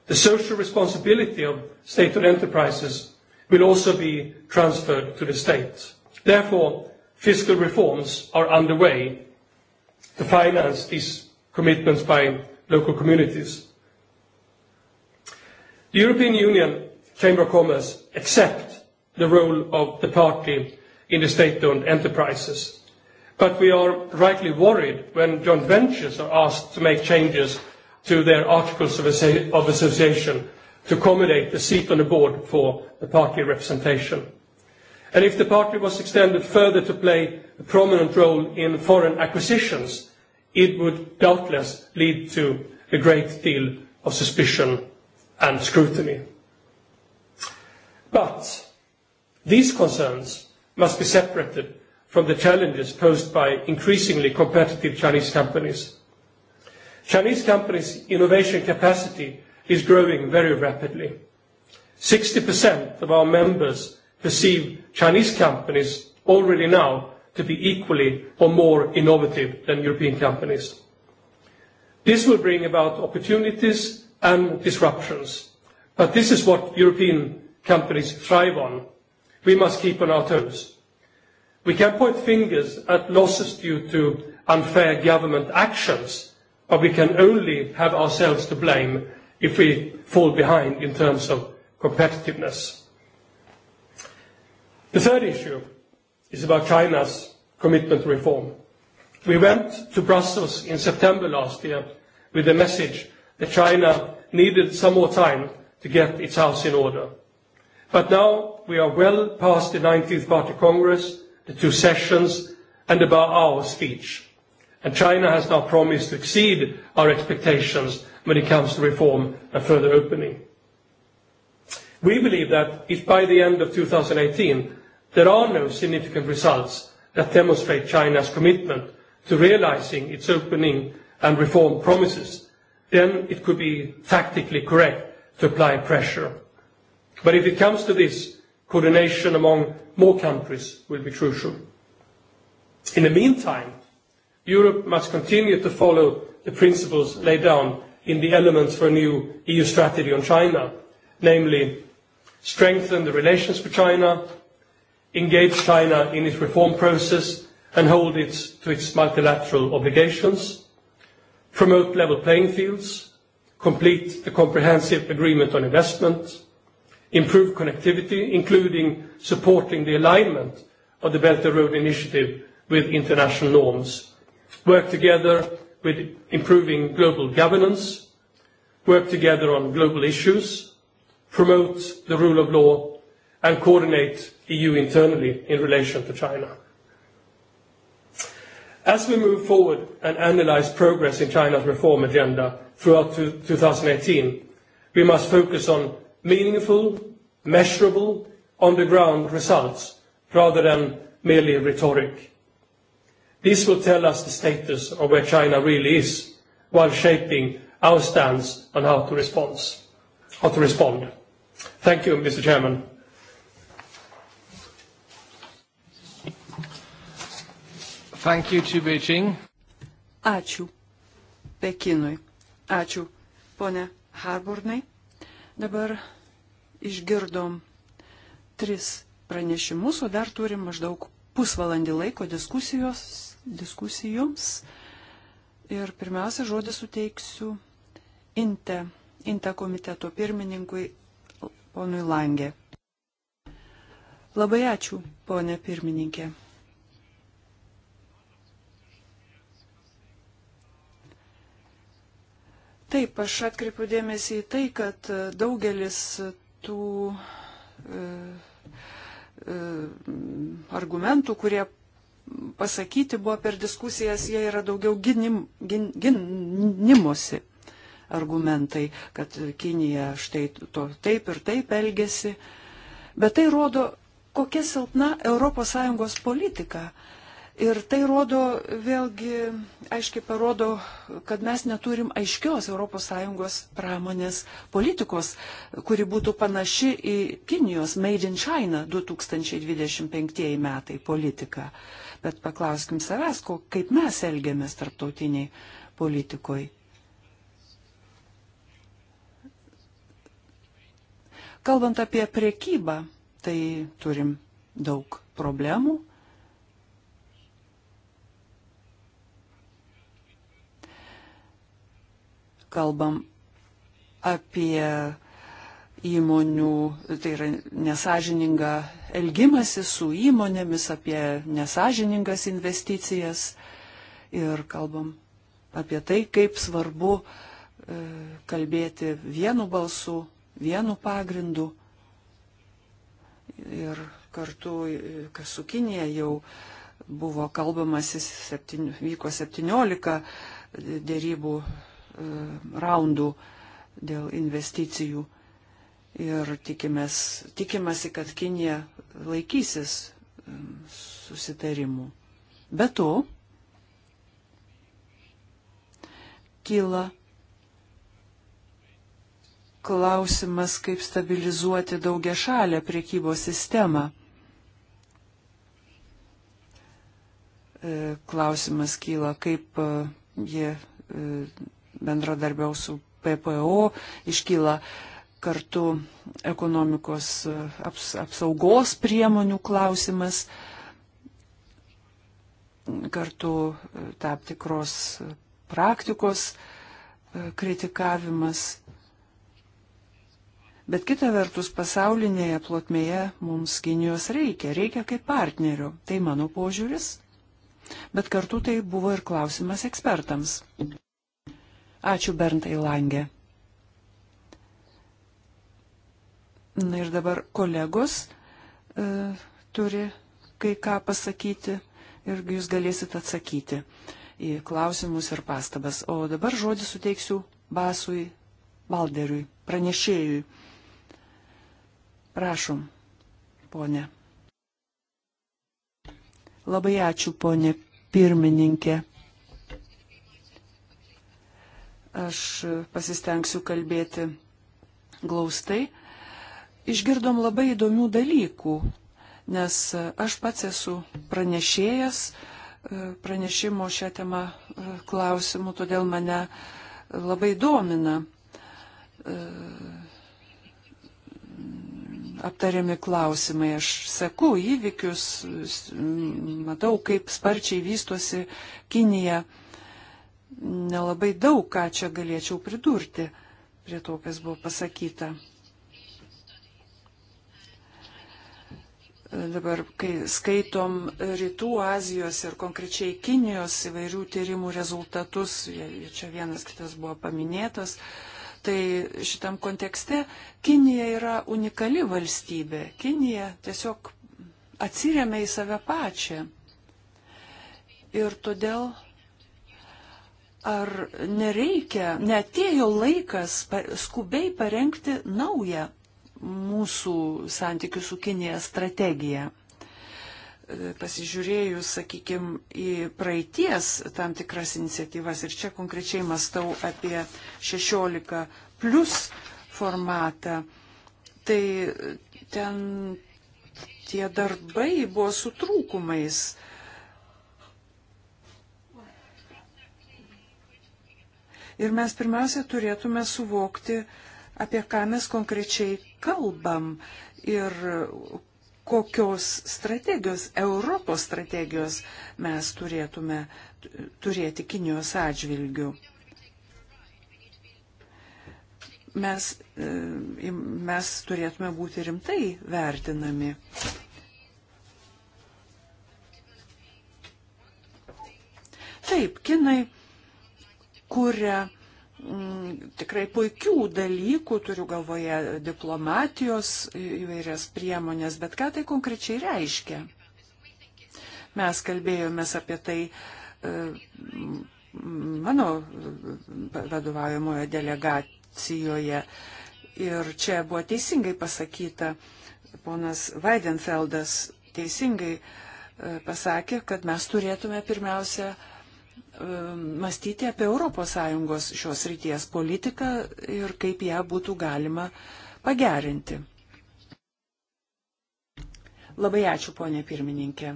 The social responsibility of state-owned enterprises will also be transferred to the state. Therefore, fiscal reforms are underway to finance these commitments by local communities. The European Union Chamber of Commerce accept the role of the party in the state-owned enterprises, but we are rightly worried when joint ventures are asked to make changes to their articles of, Associ of association to accommodate a seat on the board for the party representation. And if the party was extended further to play a prominent role in foreign acquisitions, it would doubtless lead to a great deal of suspicion and scrutiny. But these concerns must be separated from the challenges posed by increasingly competitive Chinese companies Chinese companies' innovation capacity is growing very rapidly. 60% of our members perceive Chinese companies already now to be equally or more innovative than European companies. This will bring about opportunities and disruptions, but this is what European companies thrive on. We must keep on our toes. We can point fingers at losses due to unfair government actions, but we can only have ourselves to blame if we fall behind in terms of competitiveness. The third issue is about China's commitment to reform. We went to Brussels in September last year with the message that China needed some more time to get its house in order. But now we are well past the 19th Party Congress, the two sessions, and about our speech and China has now promised to exceed our expectations when it comes to reform and further opening. We believe that if by the end of 2018 there are no significant results that demonstrate China's commitment to realizing its opening and reform promises, then it could be tactically correct to apply pressure. But if it comes to this, coordination among more countries will be crucial. In the meantime, Europe must continue to follow the principles laid down in the elements for a new EU strategy on China, namely strengthen the relations with China, engage China in its reform process and hold it to its multilateral obligations, promote level playing fields, complete the comprehensive agreement on investment, improve connectivity, including supporting the alignment of the Belt and Road Initiative with international norms, work together with improving global governance, work together on global issues, promote the rule of law, and coordinate EU internally in relation to China. As we move forward and analyze progress in China's reform agenda throughout 2018, we must focus on meaningful, measurable, on-the-ground results rather than merely rhetoric. This will tell us the status of where China really is while shaping our stance on how to response, how to respond. Thank you, Mr. Chairman. Thank you to Beijing. Ačiū Pekinui. Ačiū, ponė Harbornai. Dabar išgirdom tris pranešimus, o dar turim maždaug pusvalandį laiko diskusijos diskusijoms. Ir pirmiausia, žodį suteiksiu INTE, INTE komiteto pirmininkui ponui Langė. Labai ačiū, ponė pirmininkė. Taip, aš atkreipiu dėmesį į tai, kad daugelis tų e, e, argumentų, kurie pasakyti buvo per diskusijas, jie yra daugiau ginim, gin, ginimusi argumentai, kad Kinija štai to taip ir taip elgesi. Bet tai rodo, kokia silpna ES politika. Ir tai rodo, vėlgi, aiškiai parodo, kad mes neturim aiškios ES pramonės politikos, kuri būtų panaši į Kinijos Made in China 2025 metai politiką. Uh, Bet paklauskim savęs, ko, kaip mes elgiamės tarptautiniai politikoj. Kalbant apie priekybą, tai turim daug problemų. Kalbam apie įmonių, tai yra nesažininga elgimasi su įmonėmis, apie nesažiningas investicijas ir kalbam apie tai, kaip svarbu e, kalbėti vienu balsu, vienu pagrindu. Ir kartu, e, kas su Kinėje jau buvo kalbamasi, septyn, vyko 17 dėrybų e, raundų dėl investicijų Ir tikimės, tikimasi, kad Kinija laikysis susitarimų. Be to, kyla klausimas, kaip stabilizuoti daugia šalę priekybos sistemą. E, klausimas kyla, kaip e, jie e, bendradarbiaus su PPO, iškyla uh, kartu ekonomikos aps, apsaugos priemonių klausimas, kartu e, tam tikros praktikos e, kritikavimas. Bet kita vertus, pasaulinėje plotmėje mums Kinijos reikia, reikia kaip partnerio. Tai mano požiūris. Bet kartu tai buvo ir klausimas ekspertams. Ačiū Berntai Langė. Na ir dabar kolegos e, turi kai ką pasakyti ir jūs galėsit atsakyti į klausimus ir pastabas. O dabar žodį suteiksiu Basui Balderiui, pranešėjui. Prašom, ponė. Labai ačiū, ponė pirmininkė. Aš pasistengsiu kalbėti glaustai išgirdom labai įdomių dalykų, nes e, aš pats esu pranešėjas e, pranešimo šią temą e, klausimų, todėl mane labai domina aptariami klausimai. Aš seku įvykius, matau, kaip sparčiai vystosi Kinija. Nelabai daug ką čia galėčiau pridurti prie to, kas buvo pasakyta. dabar, kai skaitom Rytų Azijos ir konkrečiai Kinijos įvairių tyrimų rezultatus, čia vienas kitas buvo paminėtas, tai šitam kontekste Kinija yra unikali valstybė. Kinija tiesiog atsiriamė į save pačią. Ir todėl ar nereikia, netėjo laikas skubiai parengti naują mūsų santykių su Kinėje strategiją. E, pasižiūrėjus, sakykime, į praeities tam tikras iniciatyvas ir čia konkrečiai mastau apie 16 plus formatą, tai ten tie darbai buvo su trūkumais. Ir mes pirmiausia turėtume suvokti, uh, apie ką mes konkrečiai kalbam ir kokios strategijos, Europos strategijos mes turėtume turėti Kinijos atžvilgių. Mes, e, mes turėtume būti rimtai vertinami. Taip, kinai kuria m, mm, tikrai puikių dalykų, turiu galvoje diplomatijos įvairias priemonės, bet ką tai konkrečiai reiškia? Mes kalbėjomės apie tai m, e, mano vadovaujamojo delegacijoje ir čia buvo teisingai pasakyta, ponas Weidenfeldas teisingai e, pasakė, kad mes turėtume pirmiausia Um, mąstyti apie ES šios ryties politiką ir kaip ją būtų galima pagerinti. Labai ačiū, ponė pirmininkė.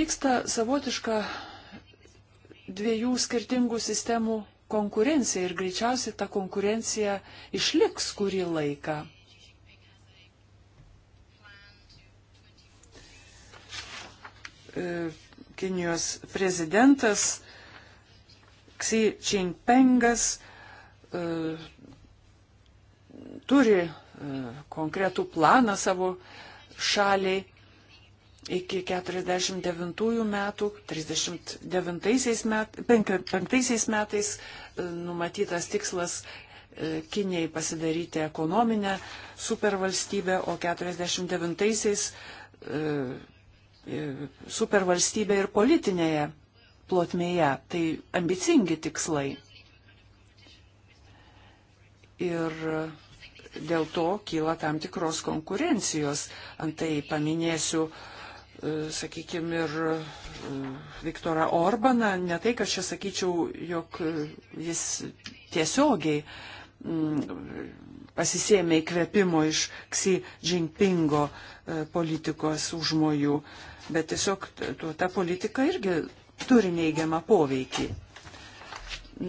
Vyksta savotiška dviejų skirtingų sistemų konkurencija ir greičiausiai ta konkurencija išliks kurį laiką. E, Kinijos prezidentas Xi Jinpingas e, turi e, konkretų planą savo šaliai iki 49 metų, 39 met, 55 metais numatytas tikslas Kinijai pasidaryti ekonominę supervalstybę, o 49-aisiais E, supervalstybė ir politinėje plotmėje. Tai ambicingi tikslai. Ir dėl to kyla tam tikros konkurencijos. Antai paminėsiu, e, sakykime, ir e, Viktorą Orbaną. Ne tai, kad čia sakyčiau, jog jis tiesiogiai mm, pasisėmė įkvėpimo iš Xi Jinpingo politikos užmojų. Uh, bet tiesiog ta politika irgi turi neigiamą poveikį.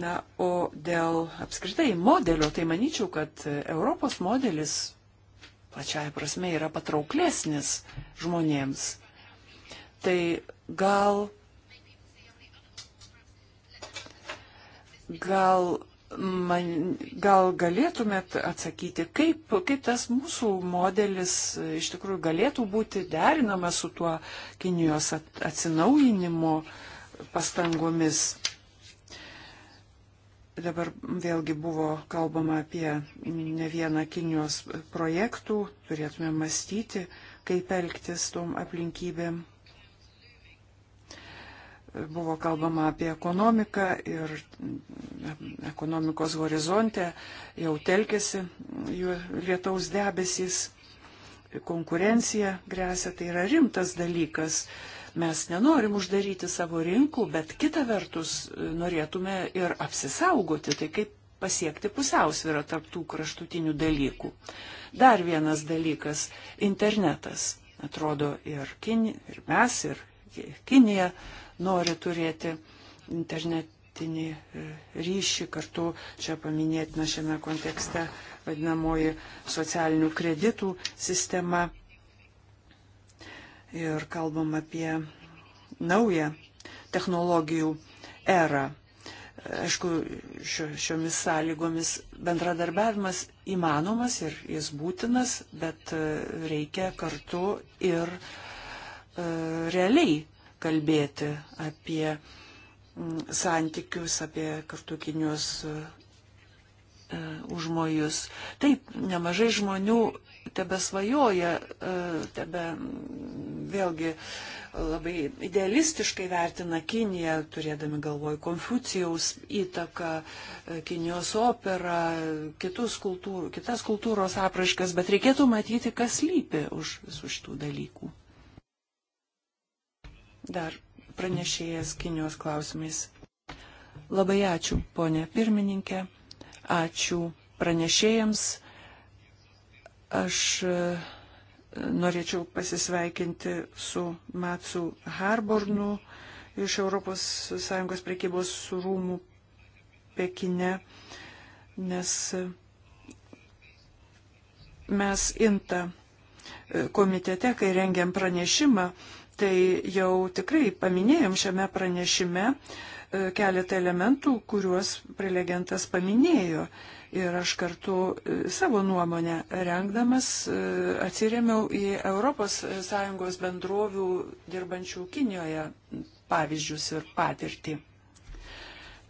Na, o dėl apskritai modelio, tai manyčiau, kad Europos modelis plačiaja prasme yra patrauklesnis žmonėms. Tai gal, gal man, gal galėtumėt atsakyti, kaip, kaip tas mūsų modelis e, iš tikrųjų galėtų būti derinamas su tuo Kinijos atsinaujinimo pastangomis. Dabar vėlgi buvo kalbama apie ne vieną Kinijos projektų, turėtume mąstyti, kaip elgtis tom aplinkybėm buvo kalbama apie ekonomiką ir ekonomikos horizonte jau telkėsi jų lietaus debesys, konkurencija grėsia, tai yra rimtas dalykas. Mes nenorim uždaryti savo rinkų, bet kita vertus norėtume ir apsisaugoti, tai kaip pasiekti pusiausvyrą tarptų kraštutinių dalykų. Dar vienas dalykas - internetas. Atrodo ir, Kin, ir mes, ir Kinija nori turėti internetinį e, ryšį. Kartu čia paminėtina šiame kontekste vadinamoji socialinių kreditų sistema. Ir kalbam apie naują technologijų erą aišku, šiomis sąlygomis bendradarbiavimas įmanomas ir jis būtinas, bet e, reikia kartu ir e, realiai kalbėti apie mm, santykius, apie kartu Kinijos e, užmojus. Taip, nemažai žmonių e, tebe svajoja, mm, tebe vėlgi labai idealistiškai vertina Kiniją, turėdami galvoj Konfucijaus įtaką, e, Kinijos operą, kultūr, kitas kultūros apraškas, bet reikėtų matyti, kas lypi už visų šitų dalykų dar pranešėjas Kinijos klausimais. Labai ačiū, ponė pirmininkė, ačiū pranešėjams. Aš e, norėčiau pasisveikinti su Matsu Harbornu iš ES prekybos rūmų Pekine, nes e, mes inta e, komitete, kai rengiam pranešimą, Tai jau tikrai paminėjom šiame pranešime e, keletą elementų, kuriuos prelegentas paminėjo. Ir aš kartu e, savo nuomonę rengdamas e, atsirėmiau į ES bendrovių dirbančių Kinijoje pavyzdžius ir patirtį.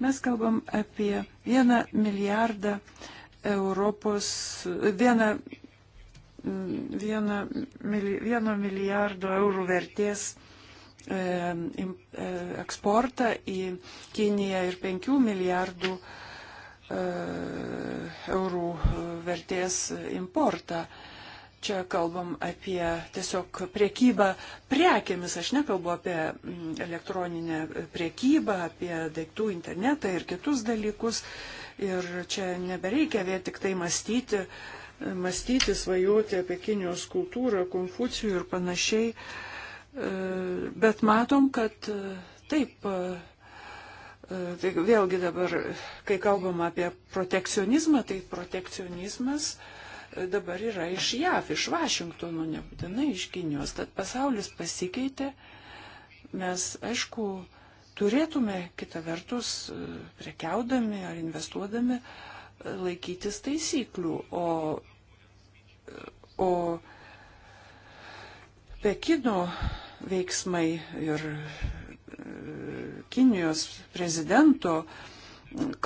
Mes kalbam apie vieną milijardą Europos, vieną vieno milijardo eurų vertės e, e, eksportą į Kiniją ir 5 milijardų e, eurų vertės importą. Čia kalbam apie tiesiog priekybą prekėmis, aš nekalbu apie mm, elektroninę priekybą, apie daiktų internetą ir kitus dalykus. Ir čia nebereikia vien tik tai mąstyti, uh, mąstyti, svajoti apie Kinijos kultūrą, konfucijų ir panašiai. E, bet matom, kad e, taip, tai vėlgi dabar, kai kalbam apie protekcionizmą, tai protekcionizmas dabar yra iš JAV, iš Vašingtono, nebūtinai iš Kinijos. Tad pasaulis pasikeitė. Mes, aišku, turėtume kitą vertus, prekiaudami ar investuodami, laikytis taisyklių, o O Pekino veiksmai ir e, Kinijos prezidento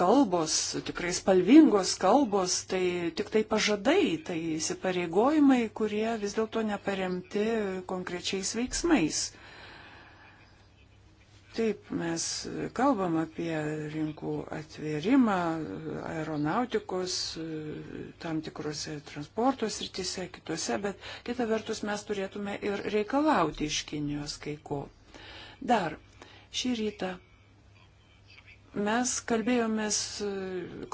kalbos, tikrai spalvingos kalbos, tai tik tai pažadai, tai įsipareigojimai, kurie vis dėlto neparemti konkrečiais veiksmais. Taip, mes kalbam apie rinkų atvėrimą aeronautikos, tam tikrose transporto srityse, kitose, bet kita vertus mes turėtume ir reikalauti iš Kinijos kai ko. Dar šį rytą mes kalbėjomės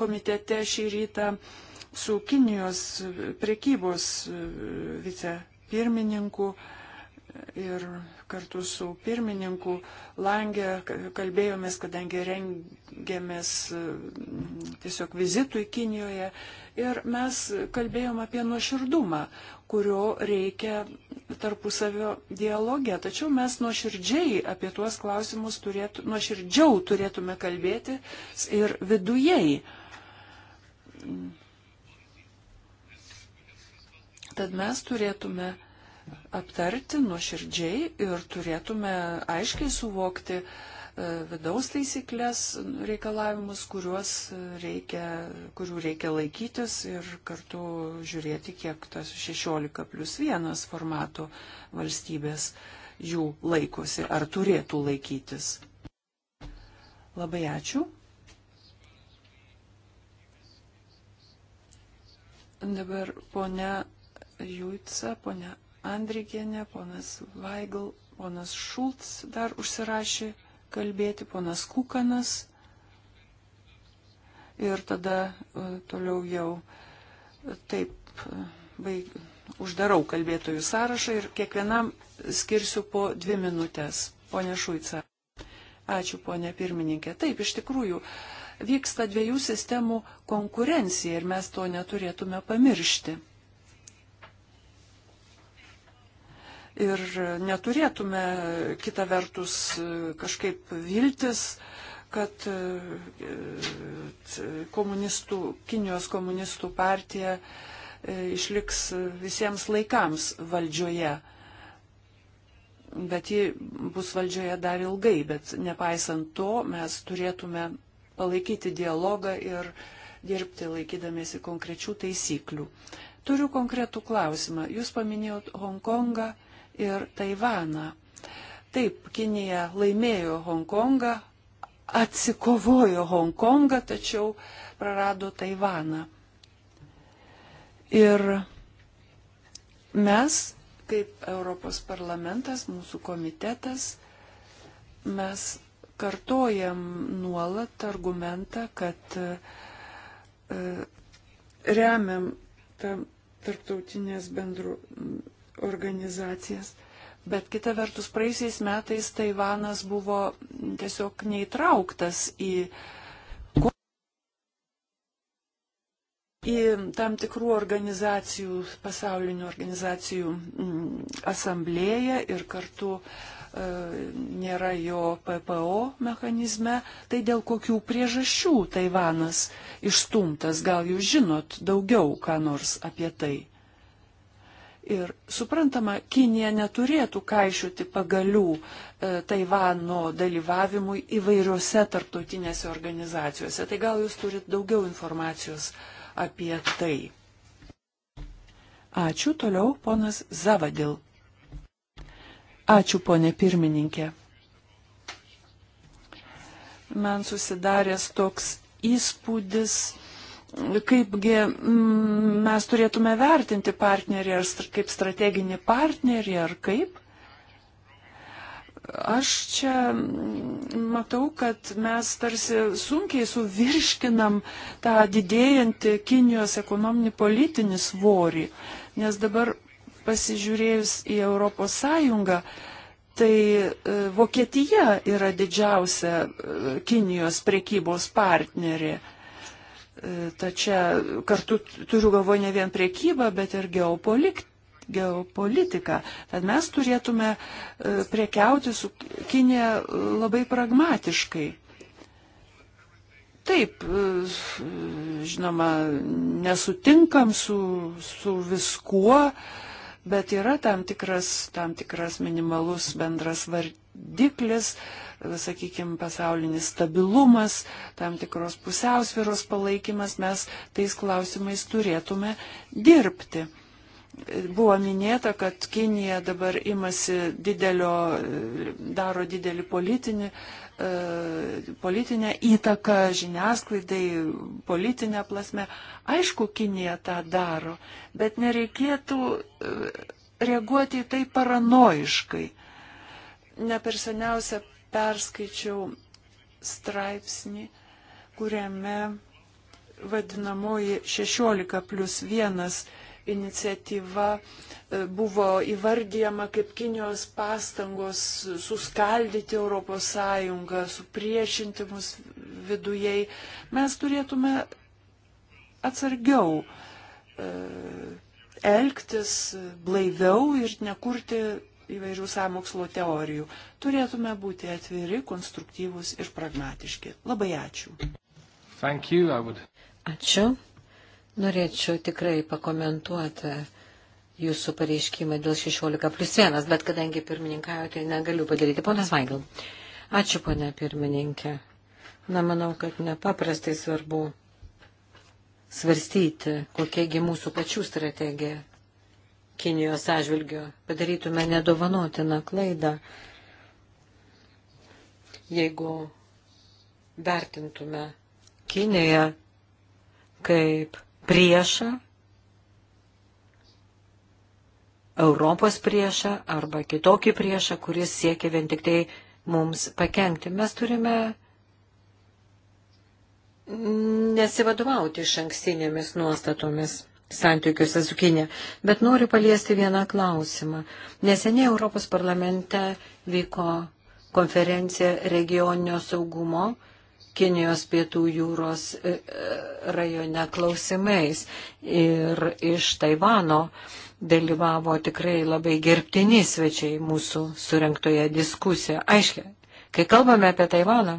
komitete šį rytą su Kinijos prekybos vicepirmininku pirmininku ir kartu su pirmininku Langė kalbėjomės, kadangi rengėmės tiesiog vizitui Kinijoje ir mes kalbėjom apie nuoširdumą, kurio reikia tarpusavio dialogė. Tačiau mes nuoširdžiai apie tuos klausimus turėtų, nuoširdžiau turėtume kalbėti ir vidujei tad mes turėtume aptarti nuoširdžiai ir turėtume aiškiai suvokti e, vidaus taisyklės reikalavimus, reikia, kurių reikia laikytis ir kartu žiūrėti, kiek tas 16 plus 1 formato valstybės jų laikosi ar turėtų laikytis. Labai ačiū. Dabar ponia Jūtsa, ponia Andrikienė, ponas Vaigl, ponas Šulc dar užsirašė kalbėti, ponas Kukanas. Ir tada e, toliau jau e, taip baig, e, uždarau kalbėtojų sąrašą ir kiekvienam skirsiu po dvi minutės. Pone Šuica. Ačiū, ponė pirmininkė. Taip, iš tikrųjų, vyksta dviejų sistemų konkurencija ir mes to neturėtume pamiršti. ir neturėtume kitą vertus kažkaip viltis, kad e, komunistų, Kinijos komunistų partija e, išliks visiems laikams valdžioje. Bet ji bus valdžioje dar ilgai, bet nepaisant to mes turėtume palaikyti dialogą ir dirbti laikydamėsi konkrečių taisyklių. Turiu konkretų klausimą. Jūs paminėjot Hongkongą ir Taivaną. Taip, Kinija laimėjo Hongkongą, atsikovojo Hongkongą, tačiau prarado Taivaną. Ir mes, kaip Europos parlamentas, mūsų komitetas, mes kartojam nuolat argumentą, kad e, remiam tam tarptautinės bendru, organizacijas. Bet kita vertus, praeisiais metais Taivanas buvo tiesiog neįtrauktas į, į tam tikrų organizacijų, pasaulinių organizacijų mm, asamblėją ir kartu e, nėra jo PPO mechanizme. Tai dėl kokių priežasčių Taivanas išstumtas, gal jūs žinot daugiau ką nors apie tai? Ir suprantama, Kinija neturėtų kaišiuoti pagalių e, Taivano dalyvavimui įvairiuose tarptautinėse organizacijose. Tai gal jūs turit daugiau informacijos apie tai. Ačiū toliau, ponas Zavadil. Ačiū, ponė pirmininkė. Man susidaręs toks įspūdis, kaipgi mm, mes turėtume vertinti partnerį ar kaip strateginį partnerį ar kaip. Aš čia mm, matau, kad mes tarsi sunkiai suvirškinam tą didėjantį Kinijos ekonominį politinį svorį, nes dabar pasižiūrėjus į Europos Sąjungą, tai e, Vokietija yra didžiausia e, Kinijos prekybos partnerė. E, Tačiau kartu turiu galvoje ne vien priekybą, bet ir geopolitiką geopolitiką. Tad mes turėtume e, prekiauti su Kinė e, labai pragmatiškai. Taip, žinoma, nesutinkam su, su viskuo, bet yra tam tikras, tam tikras minimalus bendras vardiklis, uh, sakykime, pasaulinis stabilumas, tam tikros pusiausviros palaikymas, mes tais klausimais turėtume dirbti. Buvo minėta, kad Kinija dabar imasi didelio, daro didelį politinį e, politinę įtaką žiniasklaidai, politinę plasme. Aišku, Kinija tą daro, bet nereikėtų e, reaguoti į tai paranoiškai. Ne per seniausia perskaičiau straipsnį, kuriame vadinamoji 16 plus 1 iniciatyva e, buvo įvardyjama kaip Kinijos pastangos suskaldyti ES, supriešinti mus vidujei. Mes turėtume atsargiau e, elgtis blaiviau ir nekurti įvairių sąmokslo teorijų. Turėtume būti atviri, konstruktyvūs ir pragmatiški. Labai ačiū. Would... Ačiū. Norėčiau tikrai pakomentuoti jūsų pareiškimą dėl 16 plus 1, bet kadangi pirmininkauju, tai negaliu padaryti. Ponas Vaigl. Ačiū, ponė pirmininkė. Na, manau, kad nepaprastai svarbu svarstyti, kokiegi mūsų pačių strategija Kinijos atžvilgiu padarytume nedovanotiną klaidą, jeigu vertintume Kiniją kaip priešą, Europos priešą arba kitokį priešą, kuris siekia vien tik tai mums pakengti. Mes turime nesivadovauti iš ankstinėmis nuostatomis santykiuose su Kinė. Bet noriu paliesti vieną klausimą. Neseniai Europos parlamente vyko konferencija regioninio saugumo Kinijos pietų jūros e, e, rajone klausimais. Ir iš Taivano dalyvavo tikrai labai gerbtini svečiai mūsų surinktoje diskusijoje. Aiškiai, kai kalbame apie Taivaną,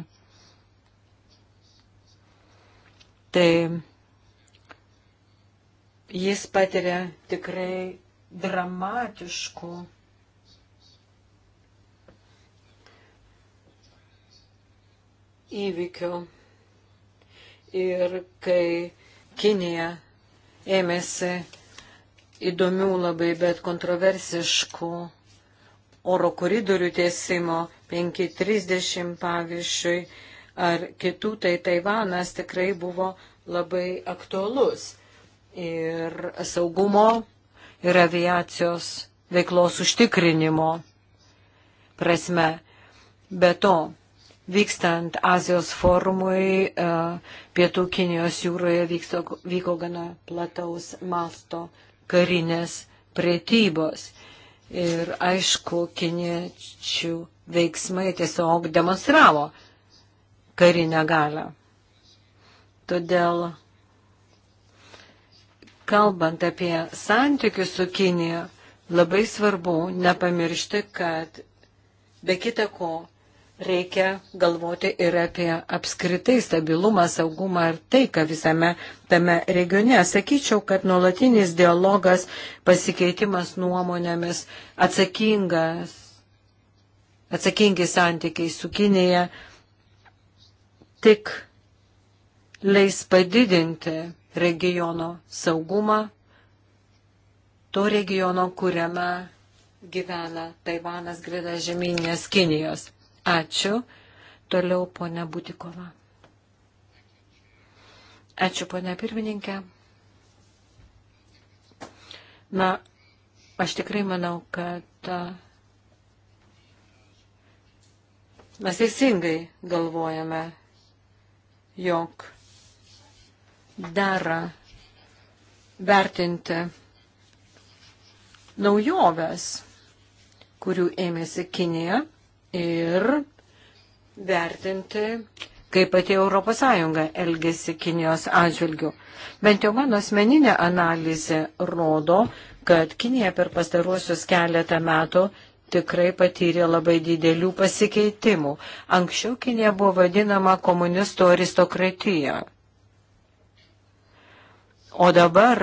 tai jis patiria tikrai dramatiškų įvykių. Ir kai Kinija ėmėsi įdomių labai, bet kontroversiškų oro koridorių tiesimo 530 pavyzdžiui ar kitų, tai Taivanas tikrai buvo labai aktualus ir saugumo ir aviacijos veiklos užtikrinimo prasme. Be to, vykstant Azijos forumui, e, Pietų Kinijos jūroje vykso, vyko gana plataus masto karinės prietybos. Ir aišku, kiniečių veiksmai tiesiog demonstravo karinę galę. Todėl kalbant apie santykius su Kinija, labai svarbu nepamiršti, kad be kita ko reikia galvoti ir apie apskritai stabilumą, saugumą ir taiką visame tame regione. Sakyčiau, kad nuolatinis dialogas, pasikeitimas nuomonėmis, atsakingas, atsakingi santykiai su Kinėje tik leis padidinti regiono saugumą, to regiono, kuriame gyvena Taivanas grida žemynės Kinijos. Ačiū. Toliau ponia Butikova. Ačiū ponia pirmininkė. Na, aš tikrai manau, kad mes teisingai galvojame, jog dera vertinti naujoves, kurių ėmėsi Kinija ir vertinti, kaip pati Europos Sąjunga elgesi Kinijos atžvilgių. Bent jau mano asmeninė analizė rodo, kad Kinija per pastaruosius keletą metų tikrai patyrė labai didelių pasikeitimų. Anksčiau Kinija buvo vadinama komunistų aristokratija. O dabar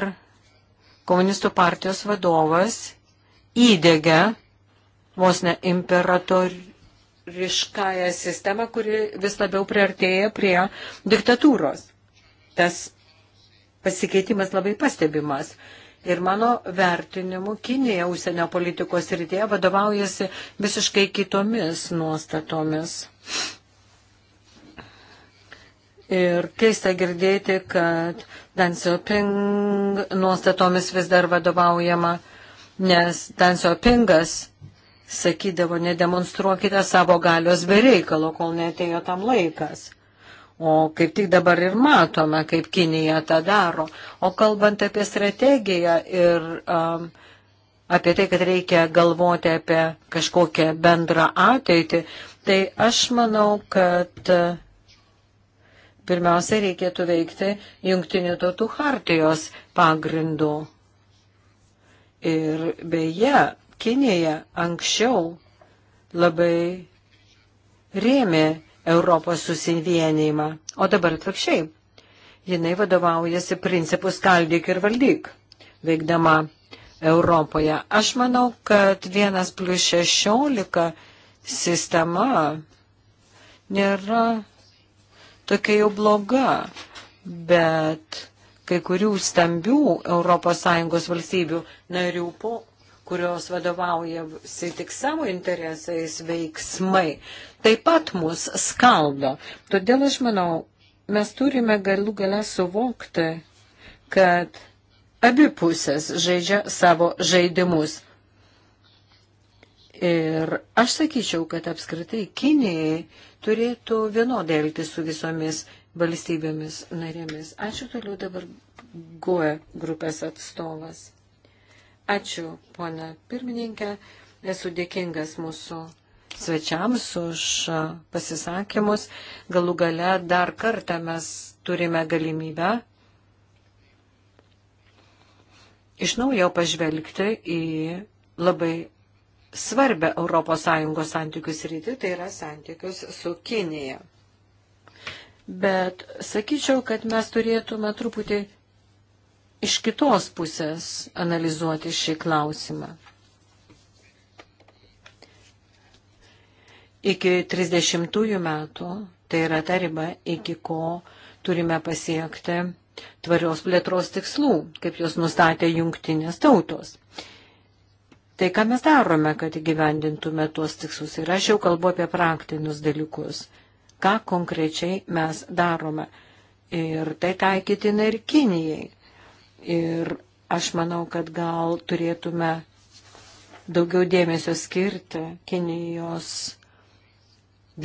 komunistų partijos vadovas įdėgia vos ne imperatoriškąją sistemą, kuri vis labiau priartėja prie diktatūros. Tas pasikeitimas labai pastebimas. Ir mano vertinimu, Kinija užsienio politikos rytėje vadovaujasi visiškai kitomis nuostatomis. Ir keista girdėti, kad Dansoping nuostatomis vis dar vadovaujama, nes Dansopingas sakydavo, nedemonstruokite savo galios be reikalo, kol netejo tam laikas. O kaip tik dabar ir matome, kaip Kinija tą daro. O kalbant apie strategiją ir um, apie tai, kad reikia galvoti apie kažkokią bendrą ateitį, tai aš manau, kad uh, pirmiausia, reikėtų veikti jungtinių tautų hartijos pagrindų. Ir beje, Kinėje anksčiau labai rėmė Europos susivienimą, o dabar atvirkščiai. Jinai vadovaujasi principus skaldyk ir valdyk, veikdama Europoje. Aš manau, kad vienas plus šešiolika sistema nėra tokia jau bloga, bet kai kurių stambių ES valstybių narių, po, kurios vadovaujasi tik savo interesais veiksmai, taip pat mus skaldo. Todėl aš manau, mes turime galų gale suvokti, kad abi pusės žaidžia savo žaidimus. Ir aš sakyčiau, kad apskritai Kinijai turėtų vienodai elgtis su visomis valstybėmis narėmis. Ačiū toliau dabar GUE grupės atstovas. Ačiū, pona pirmininkė. Esu dėkingas mūsų svečiams už pasisakymus. Galų gale dar kartą mes turime galimybę iš naujo pažvelgti į labai svarbę ES santykius rytį, tai yra santykius su Kinėje. Bet sakyčiau, kad mes turėtume truputį iš kitos pusės analizuoti šį klausimą. Iki 30 metų, tai yra ta riba, iki ko turime pasiekti tvarios plėtros tikslų, kaip jos nustatė jungtinės tautos tai, ką mes darome, kad įgyvendintume tuos tikslus. Ir aš jau kalbu apie praktinius dalykus, ką konkrečiai mes darome. Ir tai taikytina ir Kinijai. Ir aš manau, kad gal turėtume daugiau dėmesio skirti Kinijos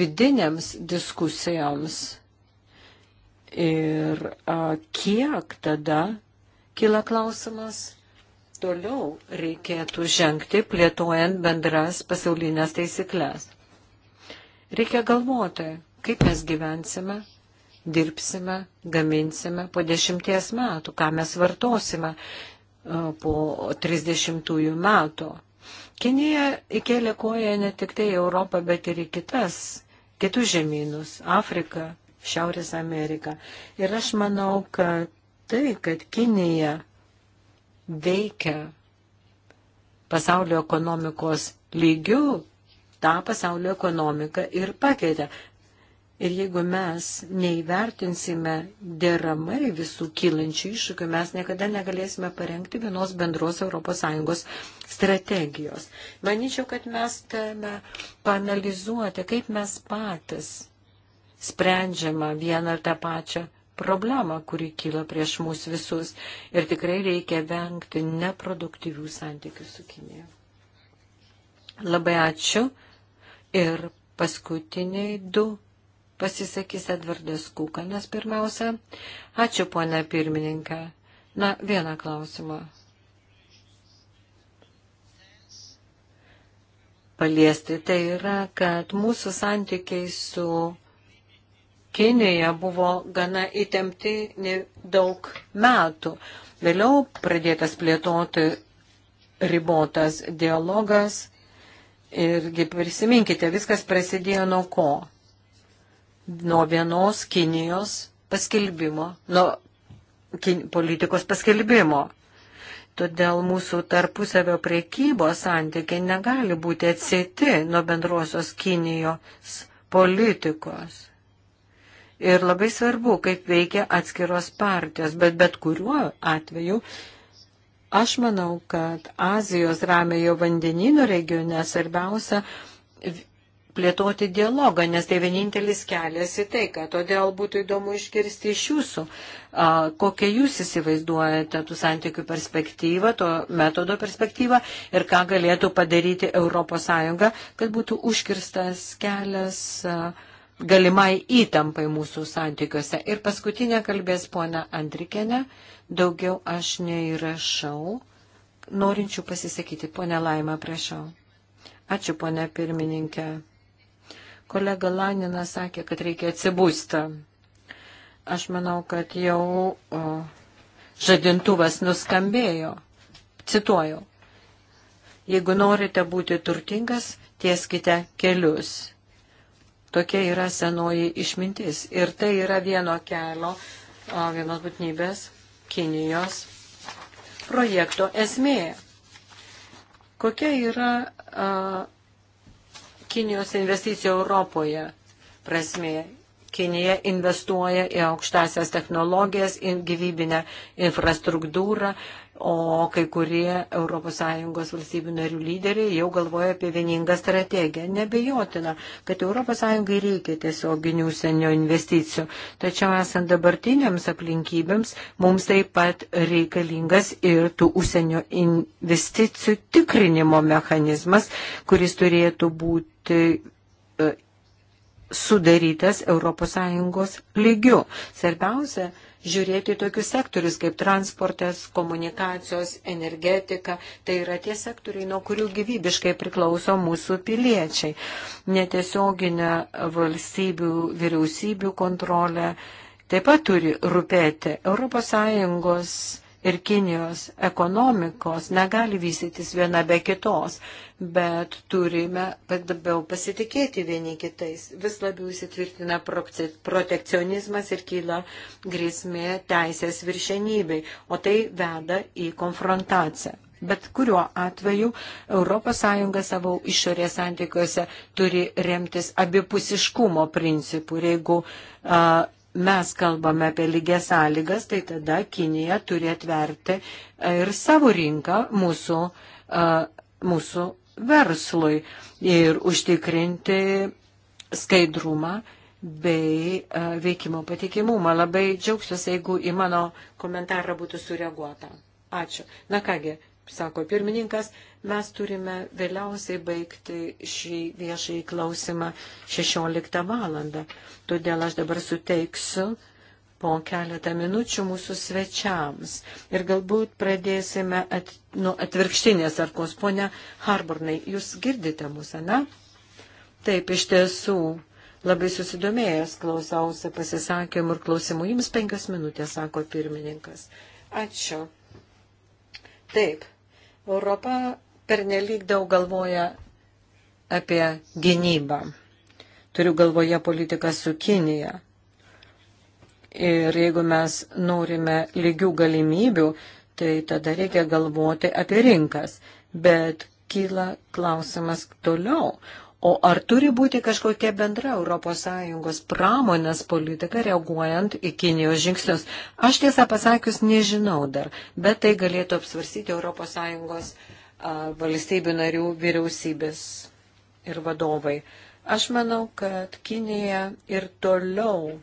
vidinėms diskusijoms. Ir a, kiek tada kyla klausimas toliau reikėtų žengti, plėtojant bendras pasaulinės taisyklės. Reikia galvoti, kaip mes gyvensime, dirbsime, gaminsime po dešimties metų, ką mes vartosime e, po trisdešimtųjų metų. Kinija įkėlė koją ne tik tai Europą, bet ir į kitas, kitus žemynus - Afriką, Šiaurės Ameriką. Ir aš manau, kad tai, kad Kinija veikia pasaulio ekonomikos lygių, tą pasaulio ekonomiką ir pakeitė. Ir jeigu mes neįvertinsime deramai visų kylančių iššūkių, mes niekada negalėsime parengti vienos bendros ES strategijos. Manyčiau, kad mes turime panalizuoti, kaip mes patys sprendžiame vieną ar tą pačią problemą, kuri kyla prieš mūsų visus. Ir tikrai reikia vengti neproduktyvių santykių su Kinėje. Labai ačiū. Ir paskutiniai du pasisakys Edvardas Kūkanas pirmiausia. Ačiū, ponia pirmininkė. Na, vieną klausimą. Paliesti tai yra, kad mūsų santykiai su Kinėje buvo gana įtemti daug metų. Vėliau pradėtas plėtoti ribotas dialogas irgi prisiminkite, viskas prasidėjo nuo ko? Nuo vienos Kinijos paskelbimo, nuo kin politikos paskelbimo. Todėl mūsų tarpusavio priekybos santykiai negali būti atsėti nuo bendrosios Kinijos politikos. Ir labai svarbu, kaip veikia atskiros partijos, bet bet kuriuo atveju Aš manau, kad Azijos ramėjo vandenino regione svarbiausia plėtoti dialogą, nes tai vienintelis kelias į tai, kad todėl būtų įdomu iškirsti iš jūsų, a, kokią jūs įsivaizduojate tų santykių perspektyvą, to metodo perspektyvą ir ką galėtų padaryti ES, kad būtų užkirstas kelias. A, galimai įtampai mūsų santykiuose. Ir paskutinė kalbės pona Andrikėne, daugiau aš neįrašau. Norinčių pasisakyti, ponė Laima, prašau. Ačiū, ponė pirmininkė. Kolega Lanina sakė, kad reikia atsibūsti. Aš manau, kad jau o, žadintuvas nuskambėjo. Cituoju. Jeigu norite būti turtingas, tieskite kelius. Tokia yra senoji išmintis. Ir tai yra vieno kelio, vienos būtinybės Kinijos projekto esmė. Kokia yra a, Kinijos investicija Europoje prasmė? Kinija investuoja į aukštasias technologijas, į gyvybinę infrastruktūrą, o kai kurie ES valstybių narių lyderiai jau galvoja apie vieningą strategiją. Nebejotina, kad ES reikia tiesioginių užsienio investicijų, tačiau esant dabartiniams aplinkybėms, mums taip pat reikalingas ir tų užsienio investicijų tikrinimo mechanizmas, kuris turėtų būti e, sudarytas ES lygiu. Svarbiausia, žiūrėti tokius sektorius kaip transportas, komunikacijos, energetika. Tai yra tie sektoriai, nuo kurių gyvybiškai priklauso mūsų piliečiai. Netiesioginė valstybių, vyriausybių kontrolė taip pat turi rūpėti. ES ir Kinijos ekonomikos negali vystytis viena be kitos, bet turime labiau pasitikėti vieni kitais. Vis labiau įsitvirtina protekcionizmas ir kyla grėsmė teisės viršenybei, o tai veda į konfrontaciją. Bet kuriuo atveju ES savo išorės santykiuose turi remtis abipusiškumo principų. Ir jeigu uh, mes kalbame apie lygias sąlygas, tai tada Kinija turi atverti ir savo rinką mūsų, mūsų verslui ir užtikrinti skaidrumą bei veikimo patikimumą. Labai džiaugsiuosi, jeigu į mano komentarą būtų sureaguota. Ačiū. Na kągi, sako pirmininkas, mes turime vėliausiai baigti šį viešai klausimą 16 valandą. Todėl aš dabar suteiksiu po keletą minučių mūsų svečiams ir galbūt pradėsime at, nuo atvirkštinės arkos. Pone Harbornai, jūs girdite mūsų, ne? Taip, iš tiesų, labai susidomėjęs klausiausi pasisakymų ir klausimų. Jums penkias minutės, sako pirmininkas. Ačiū. Taip, Europa pernelyg daug galvoja apie gynybą. Turiu galvoje politiką su Kinija. Ir jeigu mes norime lygių galimybių, tai tada reikia galvoti apie rinkas. Bet kyla klausimas toliau. O ar turi būti kažkokia bendra ES pramonės politika reaguojant į Kinijos žingsnius? Aš tiesą pasakius nežinau dar, bet tai galėtų apsvarsyti ES valstybių narių vyriausybės ir vadovai. Aš manau, kad Kinija ir toliau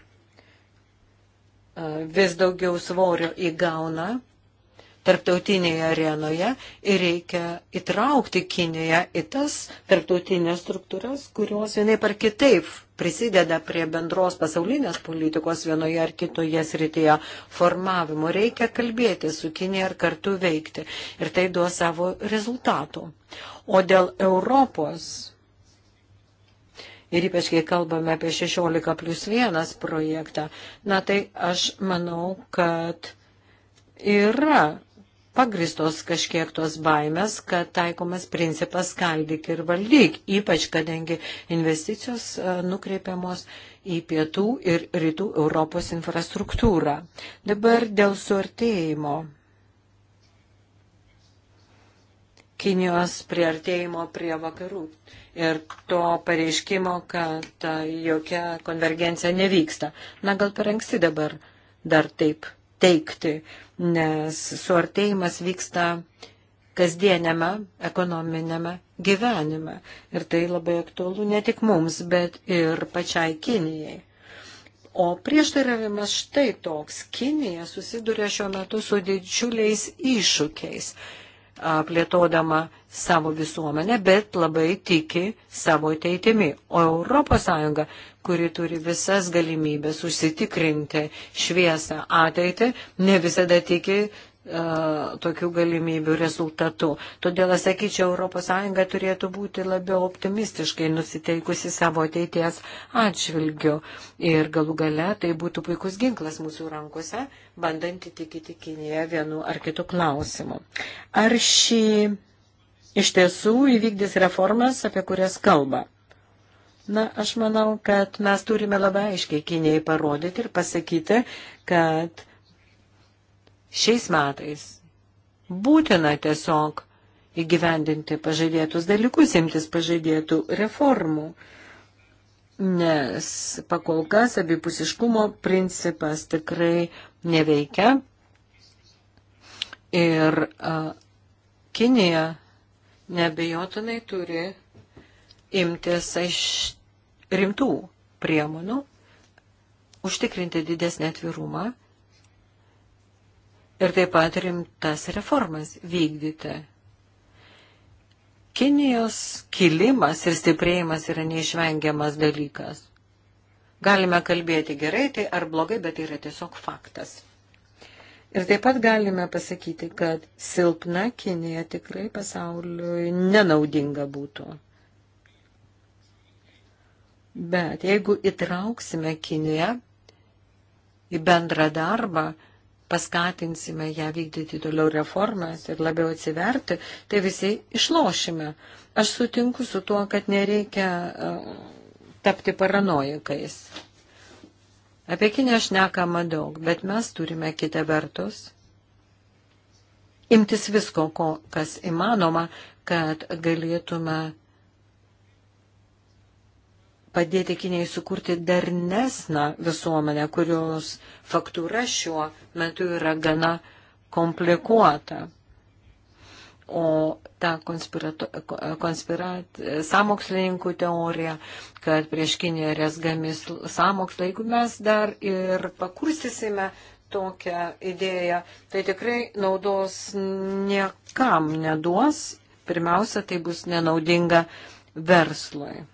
vis daugiau svorio įgauna tarptautinėje arenoje ir reikia įtraukti Kiniją į tas tarptautinės struktūras, kurios vienai par kitaip prisideda prie bendros pasaulinės politikos vienoje ar kitoje srityje formavimo. Reikia kalbėti su Kinė ir kartu veikti. Ir tai duos savo rezultatų. O dėl Europos ir ypač kai kalbame apie 16 plus 1 projektą, na tai aš manau, kad yra pagristos kažkiek tos baimės, kad taikomas principas skaldyk ir valdyk, ypač kadangi investicijos e, nukreipiamos į pietų ir rytų Europos infrastruktūrą. Dabar dėl suartėjimo. Kinijos priartėjimo prie vakarų ir to pareiškimo, kad e, jokia konvergencija nevyksta. Na gal per anksti dabar dar taip teikti, nes suartėjimas vyksta kasdienėme ekonominėme gyvenime. Ir tai labai aktualu ne tik mums, bet ir pačiai Kinijai. O prieštaravimas štai toks. Kinija susiduria šiuo metu su didžiuliais iššūkiais plėtodama savo visuomenę, bet labai tiki savo ateitimi. O ES, kuri turi visas galimybės užsitikrinti šviesą ateitį, ne visada tiki E, tokių galimybių rezultatų. Todėl, aš sakyčiau, ES turėtų būti labiau optimistiškai nusiteikusi savo ateities atšvilgiu. Ir galų gale tai būtų puikus ginklas mūsų rankose, bandant įtikinti Kiniją vienu ar kitu klausimu. Ar ši iš tiesų įvykdys reformas, apie kurias kalba? Na, aš manau, kad mes turime labai aiškiai Kinijai parodyti ir pasakyti, kad šiais metais būtina tiesiog įgyvendinti pažadėtus dalykus, imtis pažadėtų reformų, nes pakol kas abipusiškumo principas tikrai neveikia ir a, Kinija nebejotinai turi imtis iš rimtų priemonų, užtikrinti didesnį atvirumą ir taip pat rimtas reformas vykdyti. Kinijos kilimas ir stiprėjimas yra neišvengiamas dalykas. Galime kalbėti gerai tai ar blogai, bet tai yra tiesiog faktas. Ir taip pat galime pasakyti, kad silpna Kinija tikrai pasauliui nenaudinga būtų. Bet jeigu įtrauksime Kiniją į bendrą darbą, paskatinsime ją vykdyti toliau reformas ir labiau atsiverti, tai visi išlošime. Aš sutinku su tuo, kad nereikia e, tapti paranojikais. Apie Kiniją aš nekama daug, bet mes turime kitą vertus imtis visko, ko, kas įmanoma, kad galėtume padėti Kinijai sukurti darnesną visuomenę, kurios faktūra šiuo metu yra gana komplikuota. O ta konspirat, samokslininkų teorija, kad prieš Kiniją resgami samokslai, jeigu mes dar ir pakursysime tokią idėją, tai tikrai naudos niekam neduos. Pirmiausia, tai bus nenaudinga verslui.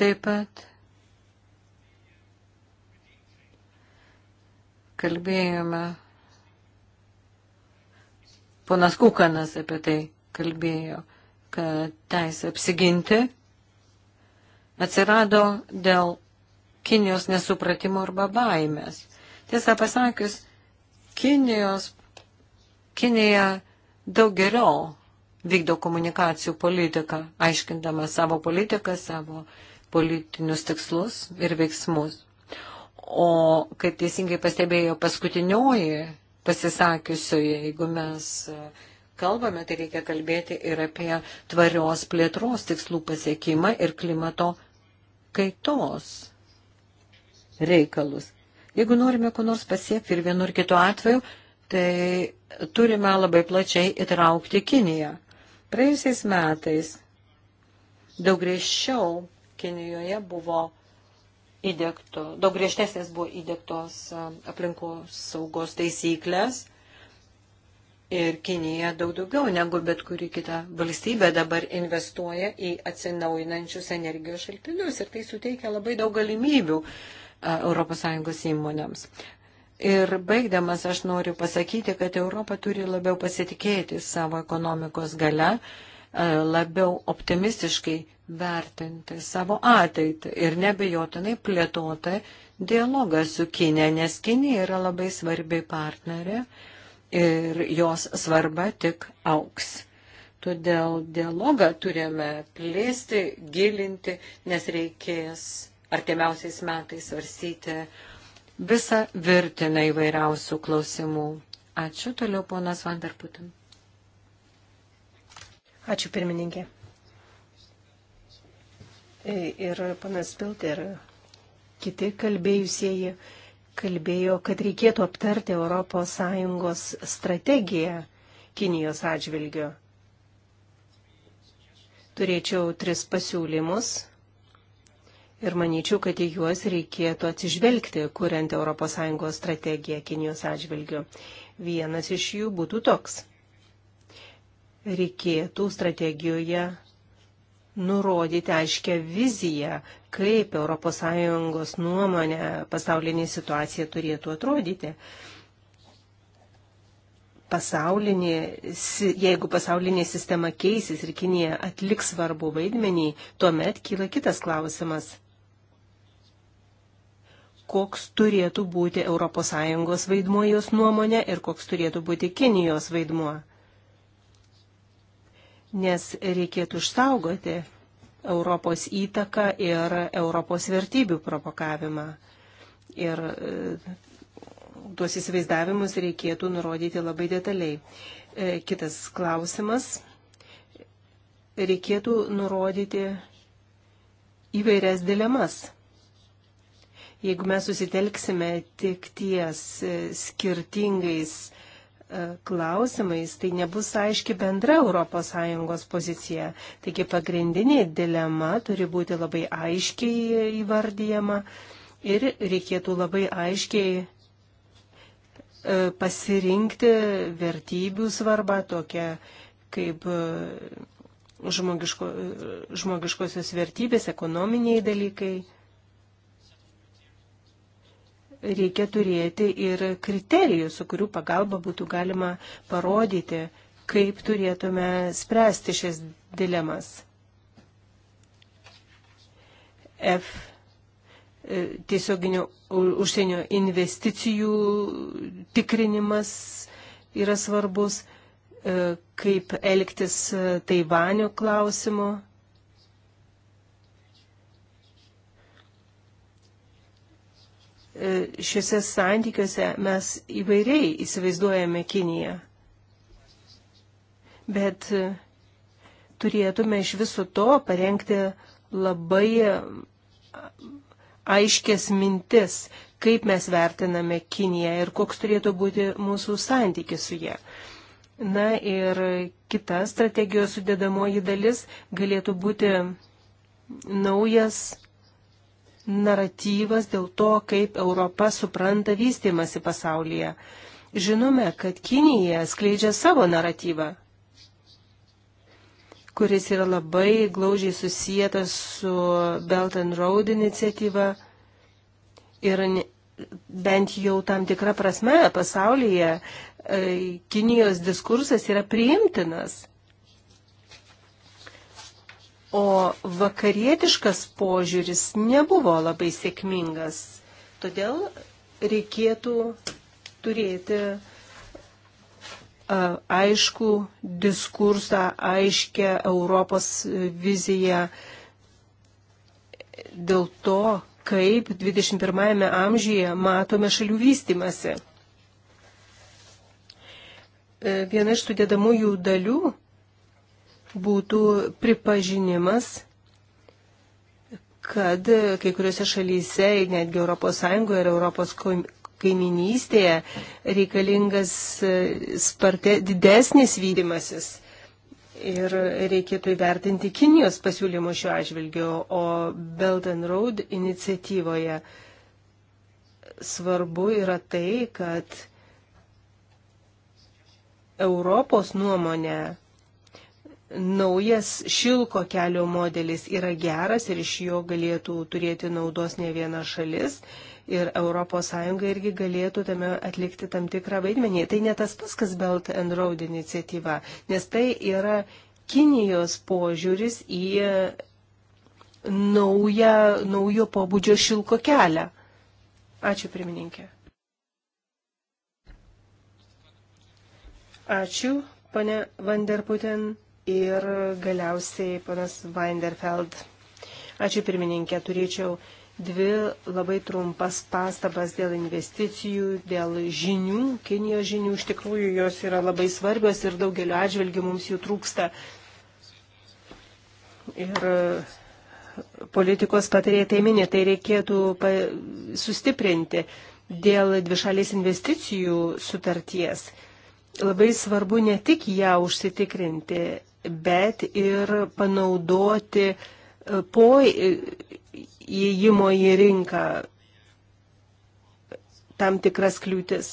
Taip pat kalbėjome, ponas Kukanas apie tai kalbėjo, kad teisė apsiginti atsirado dėl Kinijos nesupratimo arba baimės. Tiesą pasakius, Kinijos, Kinija daug geriau vykdo komunikacijų politiką, aiškindama savo politiką, savo uh, politinius tikslus ir veiksmus. O, kaip teisingai pastebėjo paskutinioji pasisakiusioje, jeigu mes e, kalbame, tai reikia kalbėti ir apie tvarios plėtros tikslų pasiekimą ir klimato kaitos reikalus. Jeigu norime ko nors pasiekti ir vienu ir kitu atveju, tai turime labai plačiai įtraukti Kiniją. Praėjusiais metais daug griežčiau Kinijoje buvo įdėkto, daug griežtesnės buvo įdėktos aplinkos saugos taisyklės ir Kinija daug daugiau negu bet kuri kita valstybė dabar investuoja į atsinaujinančius energijos šaltinius ir tai suteikia labai daug galimybių ES įmonėms. Ir baigdamas aš noriu pasakyti, kad Europa turi labiau pasitikėti savo ekonomikos gale E, labiau optimistiškai vertinti savo ateitį ir nebejotinai plėtoti dialogą su Kinė, nes Kinė yra labai svarbi partnerė ir jos svarba tik auks. Todėl dialogą turime plėsti, gilinti, nes reikės artimiausiais metais svarsyti visą virtiną įvairiausių klausimų. Ačiū toliau, ponas Vanderputin. Ačiū pirmininkė. E, ir panas Pilti ir kiti kalbėjusieji kalbėjo, kad reikėtų aptarti ES strategiją Kinijos atžvilgiu. Turėčiau tris pasiūlymus ir manyčiau, kad į juos reikėtų atsižvelgti, kuriant ES strategiją Kinijos atžvilgiu. Vienas iš jų būtų toks reikėtų strategijoje nurodyti aiškę viziją, kaip ES nuomonė pasaulinė situacija turėtų atrodyti. Pasaulinė, jeigu pasaulinė sistema keisis ir Kinija atliks svarbu vaidmenį, tuomet kyla kitas klausimas. Koks turėtų būti ES vaidmuo jos nuomonė ir koks turėtų būti Kinijos vaidmuo? nes reikėtų išsaugoti Europos įtaką ir Europos vertybių propagavimą. Ir e, tuos įsivaizdavimus reikėtų nurodyti labai detaliai. E, kitas klausimas. Reikėtų nurodyti įvairias dilemas. Jeigu mes susitelksime tik ties e, skirtingais klausimais, tai nebus aiški bendra ES pozicija. Taigi pagrindinė dilema turi būti labai aiškiai įvardyjama ir reikėtų labai aiškiai e, pasirinkti vertybių svarbą, tokią kaip e, žmogiško, e, žmogiškosios vertybės, ekonominiai dalykai reikia turėti ir kriterijų, su kurių pagalba būtų galima parodyti, kaip turėtume spręsti šias dilemas. F e, tiesioginių užsienio investicijų tikrinimas yra svarbus, e, kaip elgtis Taivanio klausimu E, šiuose santykiuose mes įvairiai įsivaizduojame Kiniją. Bet e, turėtume iš viso to parengti labai e, aiškės mintis, kaip mes vertiname Kiniją ir koks turėtų būti mūsų santykis su ją. Na ir kita strategijos sudėdamoji dalis galėtų būti naujas naratyvas dėl to, kaip Europa supranta vystimasi pasaulyje. Žinome, kad Kinija skleidžia savo naratyvą, kuris yra labai glaužiai susijęs su Belt and Road iniciatyva ir bent jau tam tikrą prasme pasaulyje e, Kinijos diskursas yra priimtinas. O vakarietiškas požiūris nebuvo labai sėkmingas. Todėl reikėtų turėti aišku diskursą, aiškę Europos viziją dėl to, kaip 21 amžiuje matome šalių vystimasi. E, viena iš sudėdamųjų dalių būtų pripažinimas, kad kai kuriuose šalyse, netgi ES ir ES kaiminystėje reikalingas e, spartė, didesnis vyrimasis. Ir reikėtų įvertinti Kinijos pasiūlymų šiuo atžvilgiu, o Belt and Road iniciatyvoje svarbu yra tai, kad Europos nuomonė naujas šilko kelio modelis yra geras ir iš jo galėtų turėti naudos ne viena šalis ir ES irgi galėtų tame atlikti tam tikrą vaidmenį. Tai ne tas pats, kas Belt and Road iniciatyva, nes tai yra Kinijos požiūris į naują, naujo pobūdžio šilko kelią. Ačiū, pirmininkė. Ačiū, pane Vanderputen ir galiausiai panas Weinderfeld. Ačiū pirmininkė, turėčiau dvi labai trumpas pastabas dėl investicijų, dėl žinių. Kinijos žinių iš tikrųjų jos yra labai svarbios ir daugeliu atžvilgių mums jų trūksta. Ir e, politikos patarėjai tai minė, tai reikėtų sustiprinti dėl dvišalės investicijų sutarties. Labai svarbu ne tik ją užsitikrinti, bet ir panaudoti e, po e, įėjimo į rinką tam tikras kliūtis.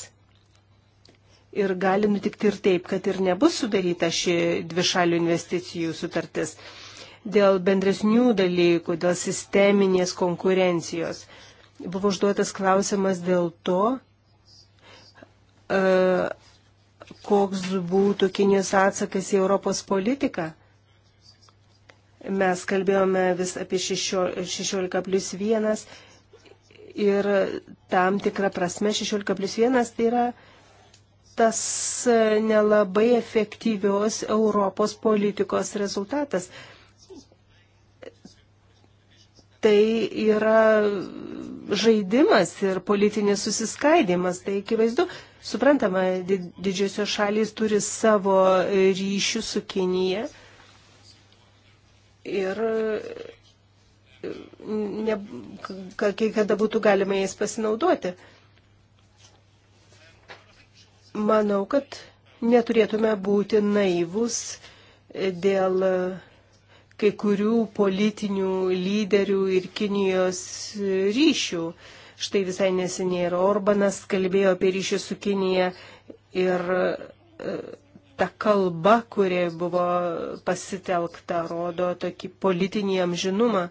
Ir gali nutikti ir taip, kad ir nebus sudaryta ši dvišalių investicijų sutartis dėl bendresnių dalykų, dėl sisteminės konkurencijos. Buvo užduotas klausimas dėl to, e, koks būtų Kinijos atsakas į Europos politiką. Mes kalbėjome vis apie 16 plus 1 ir tam tikrą prasme 16 plus 1 tai yra tas nelabai efektyvios Europos politikos rezultatas. Tai yra žaidimas ir politinis susiskaidimas, tai akivaizdu. Suprantama, didžiosios šalys turi savo ryšių su Kinija ir ne, kai kada būtų galima jais pasinaudoti. Manau, kad neturėtume būti naivus dėl kai kurių politinių lyderių ir Kinijos ryšių. Štai visai neseniai ir Orbanas kalbėjo apie ryšį su Kinija ir e, ta kalba, kurie buvo pasitelkta, rodo tokį politinį amžinumą.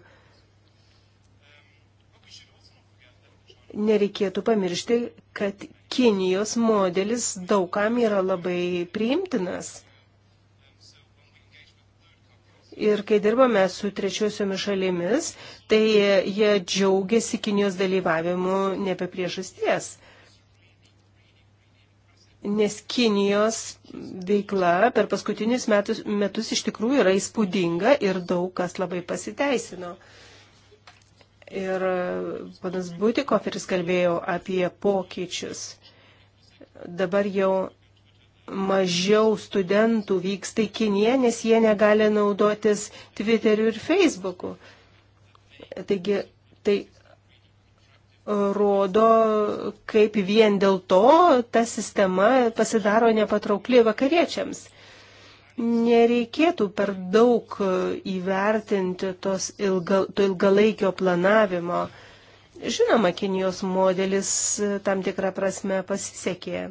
Nereikėtų pamiršti, kad Kinijos modelis daugam yra labai priimtinas. Ir kai dirbame su trečiosiomis šalimis, tai jie džiaugiasi Kinijos dalyvavimu ne be priežasties. Nes Kinijos veikla per paskutinius metus, metus iš tikrųjų yra įspūdinga ir daug kas labai pasiteisino. Ir panas Būtikoferis kalbėjo apie pokyčius. Dabar jau mažiau studentų vyksta į Kiniją, nes jie negali naudotis Twitteriu ir Facebooku. Taigi tai rodo, kaip vien dėl to ta sistema pasidaro nepatraukli vakariečiams. Nereikėtų per daug įvertinti tos ilga, to ilgalaikio planavimo. Žinoma, Kinijos modelis tam tikrą prasme pasisekė.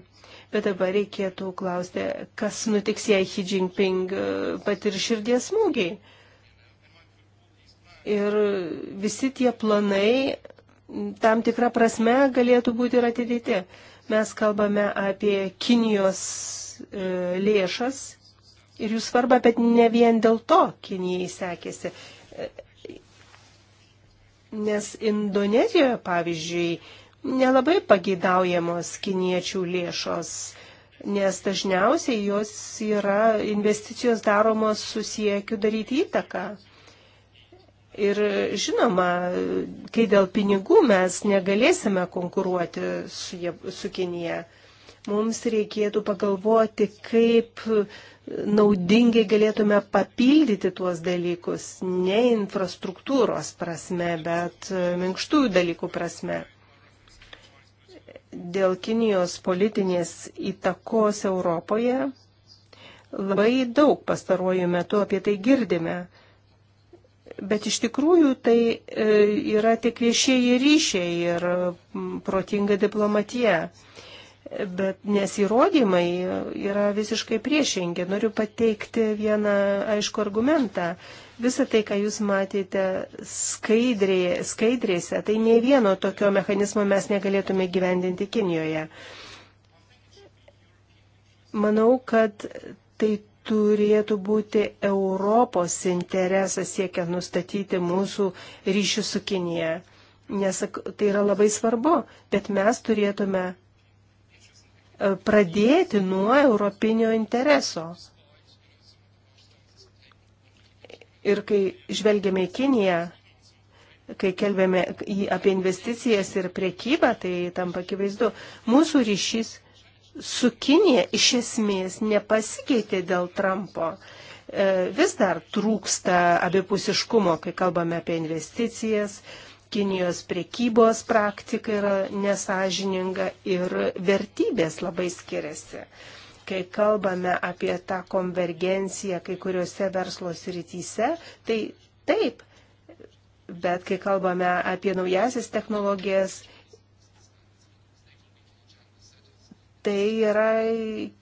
Bet dabar reikėtų klausti, kas nutiks, jei Xi Jinping e, patir širdies smūgiai. Ir visi tie planai tam tikrą prasme galėtų būti ir atidėti. Mes kalbame apie Kinijos e, lėšas ir jų svarbą, bet ne vien dėl to Kinijai sekėsi. E, nes Indonezijoje, pavyzdžiui, nelabai pagydaujamos kiniečių lėšos, nes dažniausiai jos yra investicijos daromos su siekiu daryti įtaką. Ir žinoma, kai dėl pinigų mes negalėsime konkuruoti su, jie, su Kinija, mums reikėtų pagalvoti, kaip naudingai galėtume papildyti tuos dalykus, ne infrastruktūros prasme, bet minkštųjų dalykų prasme dėl Kinijos politinės įtakos Europoje labai daug pastaruoju metu apie tai girdime. Bet iš tikrųjų tai e, yra tik viešieji ryšiai ir protinga diplomatija. Bet nes įrodymai yra visiškai priešingi. Noriu pateikti vieną aišku argumentą. Visą tai, ką jūs matėte skaidrė, skaidrėse, tai ne vieno tokio mechanizmo mes negalėtume gyvendinti Kinijoje. Manau, kad tai turėtų būti Europos interesas siekiant nustatyti mūsų ryšių su Kinija. Nes tai yra labai svarbu, bet mes turėtume E, pradėti nuo europinio intereso. Ir kai žvelgiame į Kiniją, kai kelbėme apie investicijas ir priekybą, tai tampa akivaizdu, mūsų ryšys su Kinija iš esmės nepasikeitė dėl Trumpo. E, vis dar trūksta abipusiškumo, kai kalbame apie investicijas, Kinijos priekybos praktika yra nesažininga ir vertybės labai skiriasi. Kai kalbame apie tą konvergenciją kai kuriuose verslo srityse, tai taip, bet kai kalbame apie naujasis technologijas, tai yra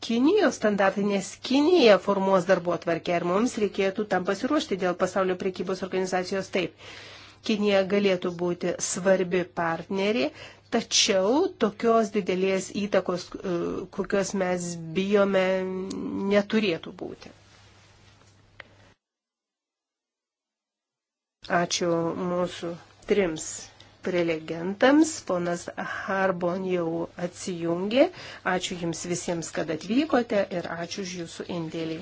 Kinijos standartai, nes Kinija formuos darbo atvarkę ir mums reikėtų tam pasiruošti dėl pasaulio priekybos organizacijos taip. Kinija galėtų būti svarbi partnerė, tačiau tokios didelės įtakos, e, kokios mes bijome, neturėtų būti. Ačiū mūsų trims prelegentams. Ponas Harbon jau atsijungė. Ačiū Jums visiems, kad atvykote ir ačiū už Jūsų indėlį.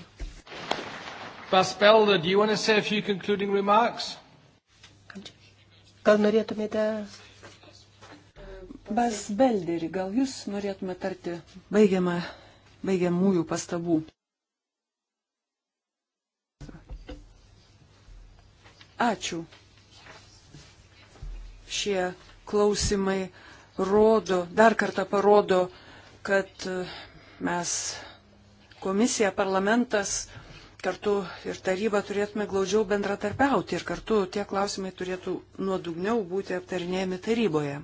Bas Belder, do you want to say a few concluding remarks? Gal norėtumėte? Bas Belderį, gal jūs norėtumėte tarti baigiamą, baigiamųjų pastabų? Ačiū. Šie klausimai rodo, dar kartą parodo, kad mes, komisija, parlamentas, kartu ir taryba turėtume glaudžiau bendratarpiauti ir kartu tie klausimai turėtų nuodugniau būti aptarinėjami taryboje.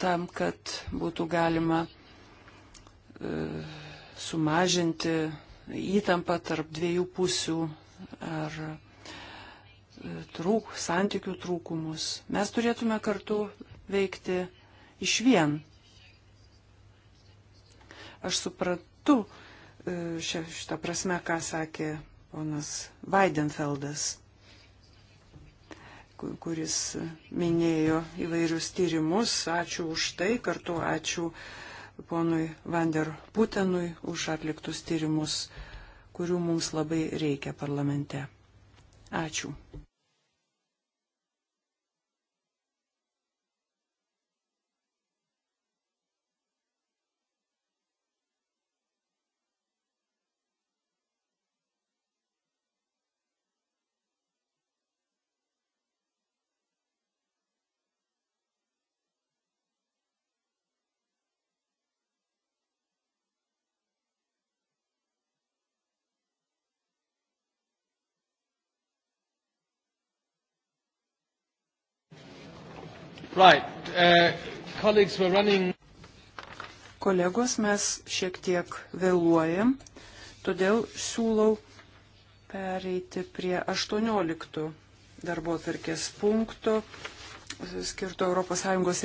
Tam, kad būtų galima e, sumažinti įtampą tarp dviejų pusių ar e, trūk, santykių trūkumus. Mes turėtume kartu veikti iš vien Aš supratau e, šitą prasme, ką sakė ponas Weidenfeldas, kuris minėjo įvairius tyrimus. Ačiū už tai, kartu ačiū ponui Vander Putenui už atliktus tyrimus, kurių mums labai reikia parlamente. Ačiū. Right. Uh, colleagues, we're running... Kolegos, mes šiek tiek vėluojam, todėl siūlau pereiti prie 18 darbo atvarkės punkto skirto ES